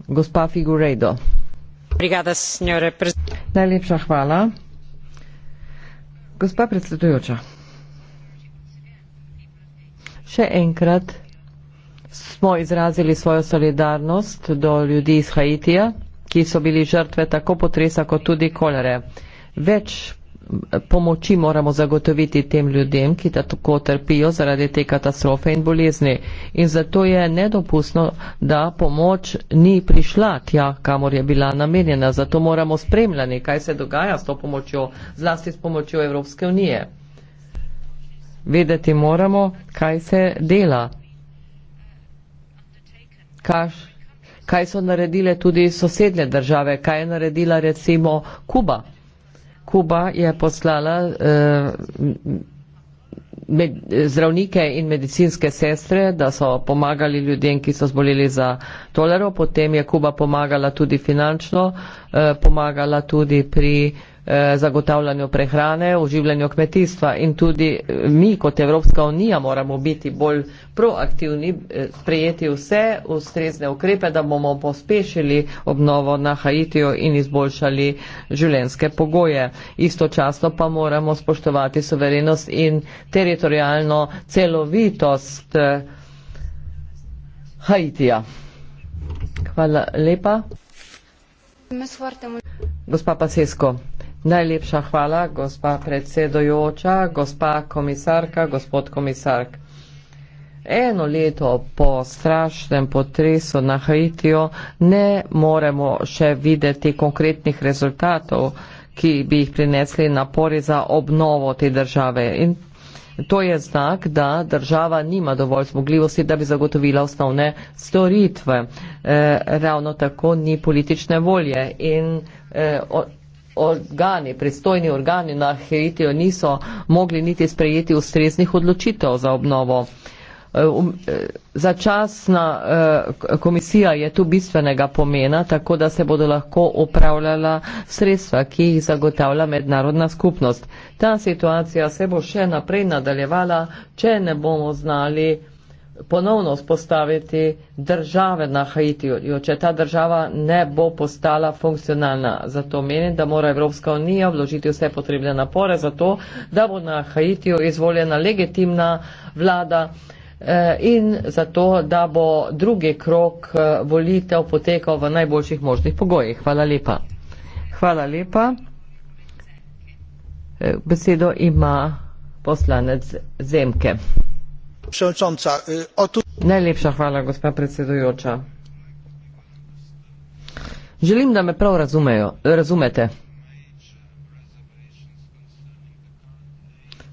Gospa Figuredo. Brigada, Najlepša hvala. Gospa predsedujoča. Še enkrat smo izrazili svojo solidarnost do ljudi iz Haitija, ki so bili žrtve tako potresa kot tudi kolere. Več pomoči moramo zagotoviti tem ljudem, ki tako trpijo zaradi te katastrofe in bolezni. In zato je nedopustno, da pomoč ni prišla tja, kamor je bila namenjena. Zato moramo spremljati, kaj se dogaja s to pomočjo, zlasti s pomočjo Evropske unije. Vedeti moramo, kaj se dela. Kaž, kaj so naredile tudi sosednje države, kaj je naredila recimo Kuba. Kuba je poslala eh, med, zdravnike in medicinske sestre, da so pomagali ljudem, ki so zboleli za tolero. Potem je Kuba pomagala tudi finančno, eh, pomagala tudi pri eh, Eh, zagotavljanju prehrane, o življenju kmetijstva in tudi eh, mi kot Evropska unija moramo biti bolj proaktivni, eh, sprejeti vse ustrezne ukrepe, da bomo pospešili obnovo na Haitiju in izboljšali življenjske pogoje. Istočasno pa moramo spoštovati soverenost in teritorijalno celovitost Haitija. Hvala lepa. Gospa Pasesko. Najlepša hvala, gospa predsedojoča, gospa komisarka, gospod komisark. Eno leto po strašnem potresu na Haitiju ne moremo še videti konkretnih rezultatov, ki bi jih prinesli napori za obnovo te države. In to je znak, da država nima dovolj zmogljivosti, da bi zagotovila osnovne storitve. E, ravno tako ni politične volje. In, e, o, organi, predstojni organi na Haitiju niso mogli niti sprejeti ustreznih odločitev za obnovo. E, um, e, začasna e, komisija je tu bistvenega pomena, tako da se bodo lahko upravljala sredstva, ki jih zagotavlja mednarodna skupnost. Ta situacija se bo še naprej nadaljevala, če ne bomo znali ponovno vzpostaviti države na Haitiju, če ta država ne bo postala funkcionalna. Zato menim, da mora Evropska unija vložiti vse potrebne napore za to, da bo na Haitiju izvoljena legitimna vlada eh, in zato, da bo drugi krok eh, volitev potekal v najboljših možnih pogojih. Hvala lepa. Hvala lepa. Eh, besedo ima poslanec Zemke. Najlepša hvala, gospa predsedujoča. Želim, da me prav razumejo, razumete.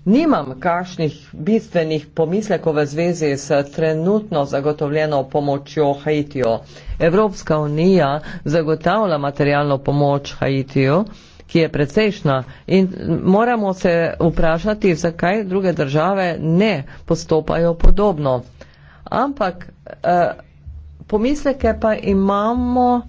Nimam kakšnih bistvenih pomislekov v zvezi s trenutno zagotovljeno pomočjo Haitijo. Evropska unija zagotavlja materialno pomoč Haitiju ki je precejšna in moramo se vprašati, zakaj druge države ne postopajo podobno. Ampak eh, pomisleke pa imamo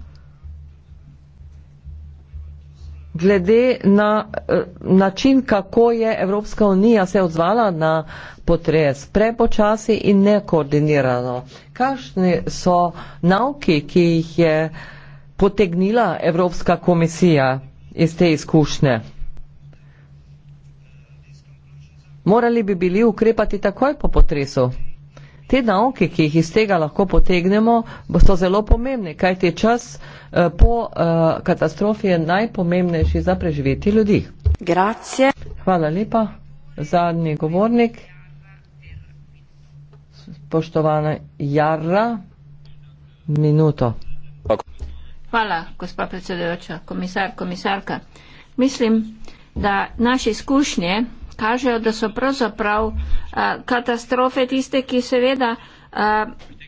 glede na eh, način, kako je Evropska unija se odzvala na potres, prepočasi in nekoordinirano. Kakšni so nauki, ki jih je potegnila Evropska komisija? iz te izkušnje? Morali bi bili ukrepati takoj po potresu. Te nauke, ki jih iz tega lahko potegnemo, so zelo pomembne, kajti čas eh, po eh, katastrofi je najpomembnejši za preživeti ljudi. Grazie. Hvala lepa. Zadnji govornik. Spoštovana Jara, minuto. Hvala, gospa predsedujoča, komisar, komisarka. Mislim, da naše izkušnje kažejo, da so pravzaprav a, katastrofe tiste, ki seveda a,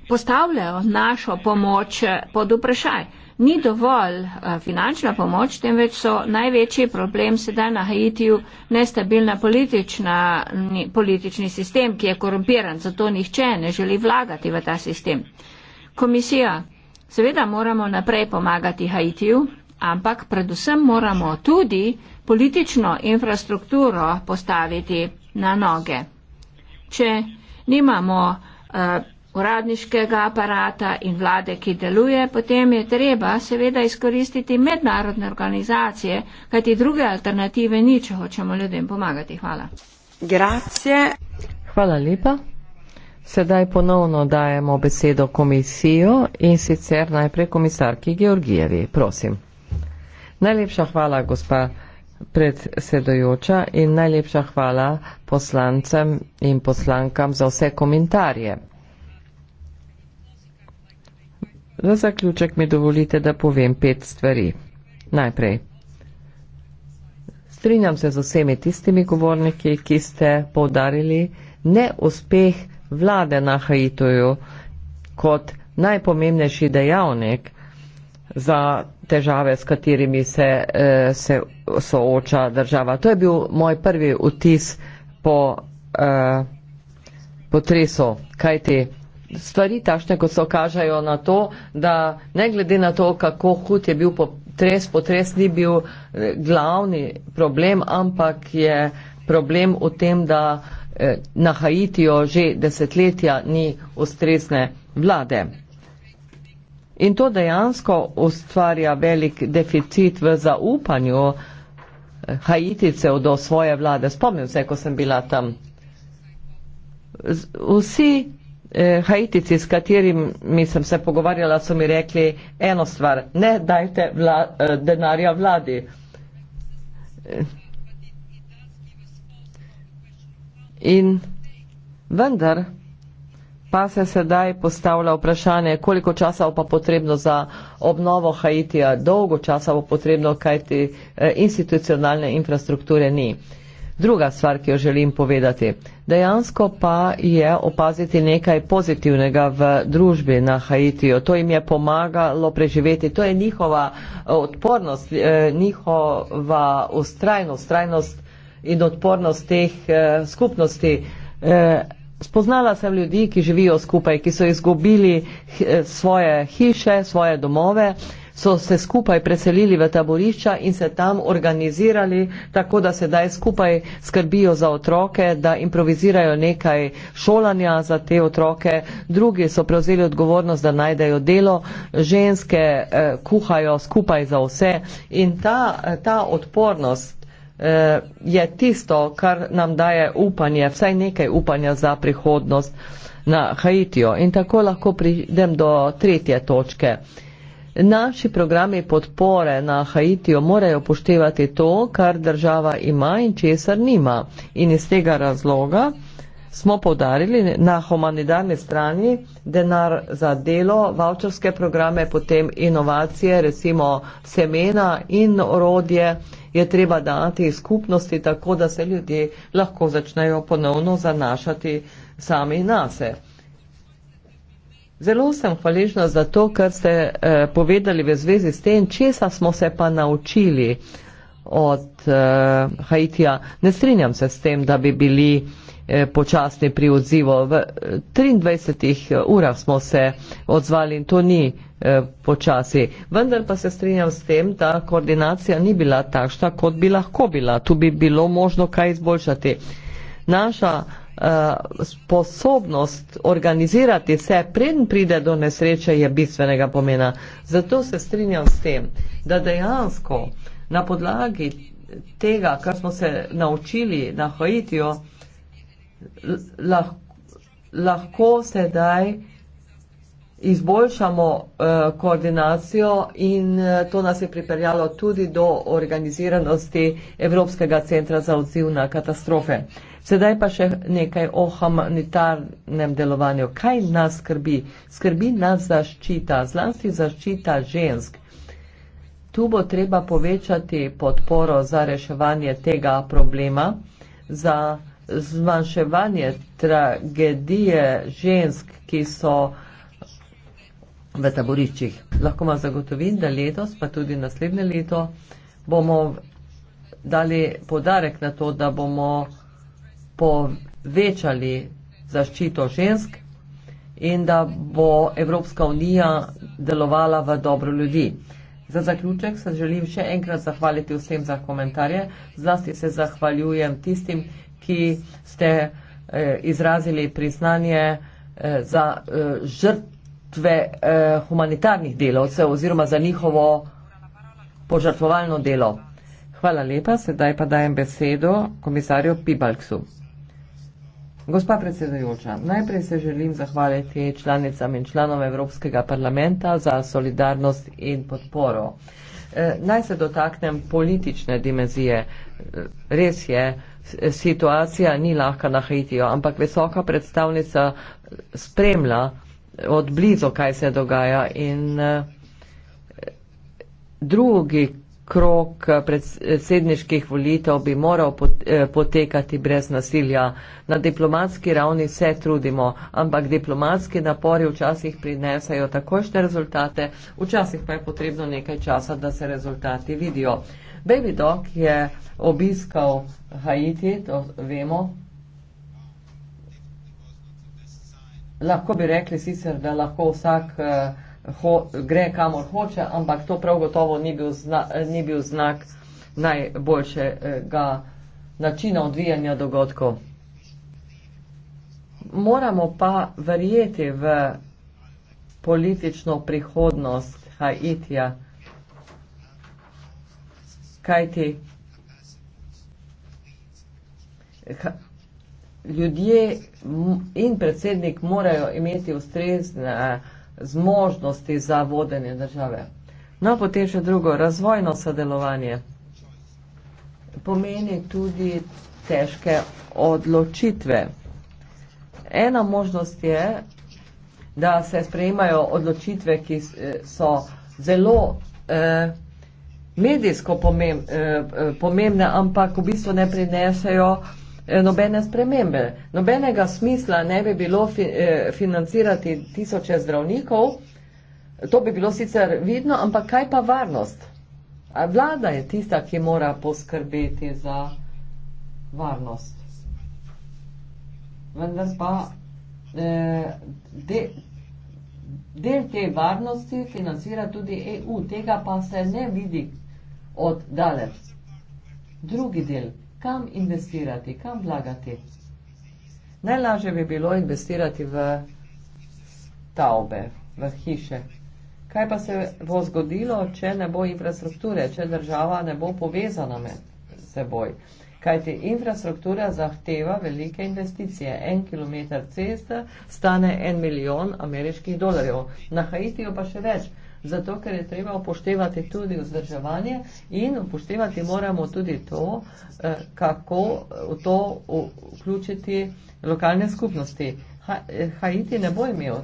postavljajo našo pomoč pod vprašaj. Ni dovolj a, finančna pomoč, temveč so največji problem sedaj na Haitiju nestabilna politična, ni, politični sistem, ki je korumpiran, zato nihče ne želi vlagati v ta sistem. Komisija, Seveda moramo naprej pomagati Haitiju, ampak predvsem moramo tudi politično infrastrukturo postaviti na noge. Če nimamo uh, uradniškega aparata in vlade, ki deluje, potem je treba seveda izkoristiti mednarodne organizacije, kajti druge alternative ni, če hočemo ljudem pomagati. Hvala. Grazie. Hvala lepa. Sedaj ponovno dajemo besedo komisijo in sicer najprej komisarki Georgijevi. Prosim. Najlepša hvala, gospa predsedojoča in najlepša hvala poslancem in poslankam za vse komentarje. Za zaključek mi dovolite, da povem pet stvari. Najprej. Strinjam se z vsemi tistimi govorniki, ki ste povdarili neuspeh vlade na Haitiju kot najpomembnejši dejavnik za težave, s katerimi se, eh, se sooča država. To je bil moj prvi vtis po eh, potresu, kajti stvari takšne, kot so kažajo na to, da ne glede na to, kako hud je bil potres, potres ni bil eh, glavni problem, ampak je problem v tem, da Eh, na Haitiju že desetletja ni ustrezne vlade. In to dejansko ustvarja velik deficit v zaupanju eh, Haiticev do svoje vlade. Spomnim se, ko sem bila tam. Vsi eh, Haitici, s katerimi sem se pogovarjala, so mi rekli eno stvar, ne dajte vla, eh, denarja vladi. Eh, In vendar pa se sedaj postavlja vprašanje, koliko časa bo pa potrebno za obnovo Haitija. Dolgo časa bo potrebno, kajti eh, institucionalne infrastrukture ni. Druga stvar, ki jo želim povedati. Dejansko pa je opaziti nekaj pozitivnega v družbi na Haitiju. To jim je pomagalo preživeti. To je njihova eh, odpornost, eh, njihova ustrajnost, ustrajnost in odpornost teh eh, skupnosti. Eh, spoznala sem ljudi, ki živijo skupaj, ki so izgubili eh, svoje hiše, svoje domove, so se skupaj preselili v taborišča in se tam organizirali, tako da sedaj skupaj skrbijo za otroke, da improvizirajo nekaj šolanja za te otroke. Drugi so prevzeli odgovornost, da najdejo delo, ženske eh, kuhajo skupaj za vse in ta, eh, ta odpornost Eh, je tisto, kar nam daje upanje, vsaj nekaj upanja za prihodnost na Haitijo. In tako lahko pridem do tretje točke. Naši programi podpore na Haitijo morajo poštevati to, kar država ima in česar nima. In iz tega razloga smo podarili na humanitarni strani denar za delo, vavčarske programe, potem inovacije, recimo semena in orodje je treba dati skupnosti, tako da se ljudje lahko začnejo ponovno zanašati sami nase. Zelo sem hvaležna za to, kar ste eh, povedali v zvezi s tem, česa smo se pa naučili od eh, Haitija. Ne strinjam se s tem, da bi bili eh, Eh, počasni pri odzivu. V 23 eh, eh, urah smo se odzvali in to ni počasi. Vendar pa se strinjam s tem, da koordinacija ni bila takšna, kot bi lahko bila. Tu bi bilo možno kaj izboljšati. Naša sposobnost organizirati se, preden pride do nesreče, je bistvenega pomena. Zato se strinjam s tem, da dejansko na podlagi tega, kar smo se naučili na Haitiju, lahko, lahko sedaj izboljšamo eh, koordinacijo in eh, to nas je pripeljalo tudi do organiziranosti Evropskega centra za odziv na katastrofe. Sedaj pa še nekaj o humanitarnem delovanju. Kaj nas skrbi? Skrbi nas zaščita, zlasti zaščita žensk. Tu bo treba povečati podporo za reševanje tega problema, za zmanjševanje tragedije žensk, ki so v taboriščih. Lahko vam zagotovim, da letos, pa tudi naslednje leto, bomo dali podarek na to, da bomo povečali zaščito žensk in da bo Evropska unija delovala v dobro ljudi. Za zaključek se želim še enkrat zahvaliti vsem za komentarje. Zlasti se zahvaljujem tistim, ki ste eh, izrazili priznanje eh, za eh, žrtve eh, humanitarnih delovcev oziroma za njihovo požrtvovalno delo. Hvala lepa, sedaj pa dajem besedo komisarju Pibalksu. Gospa predsedujoča, najprej se želim zahvaliti članicam in članom Evropskega parlamenta za solidarnost in podporo. Eh, naj se dotaknem politične dimenzije. Eh, res je, eh, situacija ni lahka na Haitiju, ampak visoka predstavnica spremlja od blizu, kaj se dogaja. In eh, drugi krok predsedniških volitev bi moral eh, potekati brez nasilja. Na diplomatski ravni se trudimo, ampak diplomatski napori včasih prinesajo takošne rezultate, včasih pa je potrebno nekaj časa, da se rezultati vidijo. Baby Dog je obiskal Haiti, to vemo. Lahko bi rekli sicer, da lahko vsak uh, ho, gre kamor hoče, ampak to prav gotovo ni bil, zna, ni bil znak najboljšega načina odvijanja dogodkov. Moramo pa verjeti v politično prihodnost Haitija kaj ti? Ljudje in predsednik morajo imeti ustrezne zmožnosti za vodenje države. No, potem še drugo, razvojno sodelovanje pomeni tudi težke odločitve. Ena možnost je, da se sprejemajo odločitve, ki eh, so zelo eh, medijsko pomem, eh, eh, pomembne, ampak v bistvu ne prinesejo eh, nobene spremembe. Nobenega smisla ne bi bilo fi, eh, financirati tisoče zdravnikov, to bi bilo sicer vidno, ampak kaj pa varnost? Vlada je tista, ki mora poskrbeti za varnost. Vendar pa eh, de, del te varnosti financira tudi EU, tega pa se ne vidi od daleč. Drugi del, kam investirati, kam vlagati. Najlažje bi bilo investirati v stavbe, v hiše. Kaj pa se bo zgodilo, če ne bo infrastrukture, če država ne bo povezana med seboj? Kajti infrastruktura zahteva velike investicije. En kilometr ceste stane en milijon ameriških dolarjev. Na Haitiju pa še več zato ker je treba upoštevati tudi vzdrževanje in upoštevati moramo tudi to, eh, kako eh, v to vključiti lokalne skupnosti. Eh, Haiti ne bo imel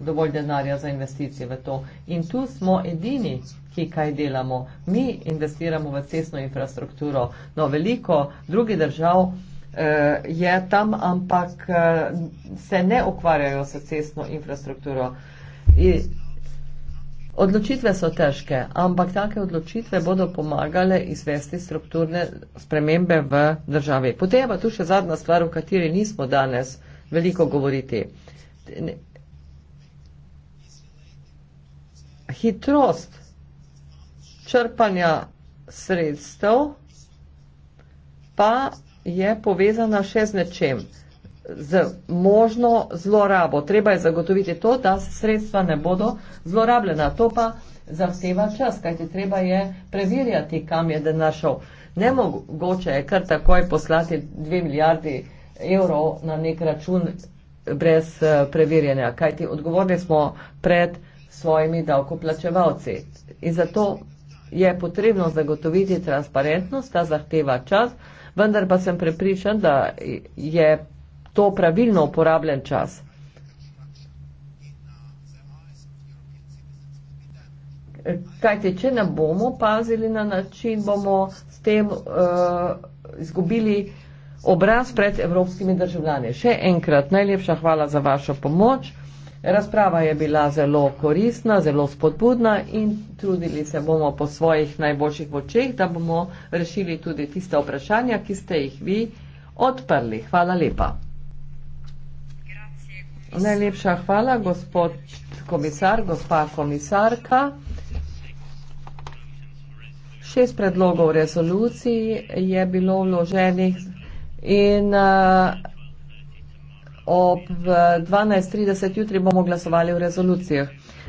dovolj denarja za investicije v to in tu smo edini, ki kaj delamo. Mi investiramo v cestno infrastrukturo, no veliko drugih držav je tam, ampak se ne ukvarjajo s cestno infrastrukturo. In Odločitve so težke, ampak take odločitve bodo pomagale izvesti strukturne spremembe v državi. Potem pa tu še zadnja stvar, o kateri nismo danes veliko govoriti. Hitrost črpanja sredstev pa je povezana še z nečem z možno zlorabo. Treba je zagotoviti to, da sredstva ne bodo zlorabljena. To pa zahteva čas, kajti treba je preverjati, kam je denar šel. Nemogoče je kar takoj poslati 2 milijardi evrov na nek račun brez eh, preverjanja, kajti odgovorni smo pred svojimi davkoplačevalci. In zato je potrebno zagotoviti transparentnost, ta zahteva čas, vendar pa sem prepričan, da je to pravilno uporabljen čas. Kajte, če ne bomo pazili na način, bomo s tem uh, izgubili obraz pred evropskimi državljani. Še enkrat najlepša hvala za vašo pomoč. Razprava je bila zelo koristna, zelo spodbudna in trudili se bomo po svojih najboljših očeh, da bomo rešili tudi tiste vprašanja, ki ste jih vi odprli. Hvala lepa. Najlepša hvala, gospod komisar, gospa komisarka. Šest predlogov rezoluciji je bilo vloženih in eh, ob 12.30 eh, jutri bomo glasovali v rezolucijah.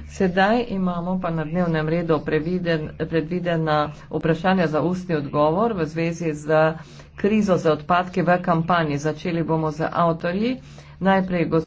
Sedaj imamo pa na dnevnem redu previden, predvidena vprašanja za ustni odgovor v zvezi z krizo za odpadke v kampanji. Začeli bomo z avtorji. Najprej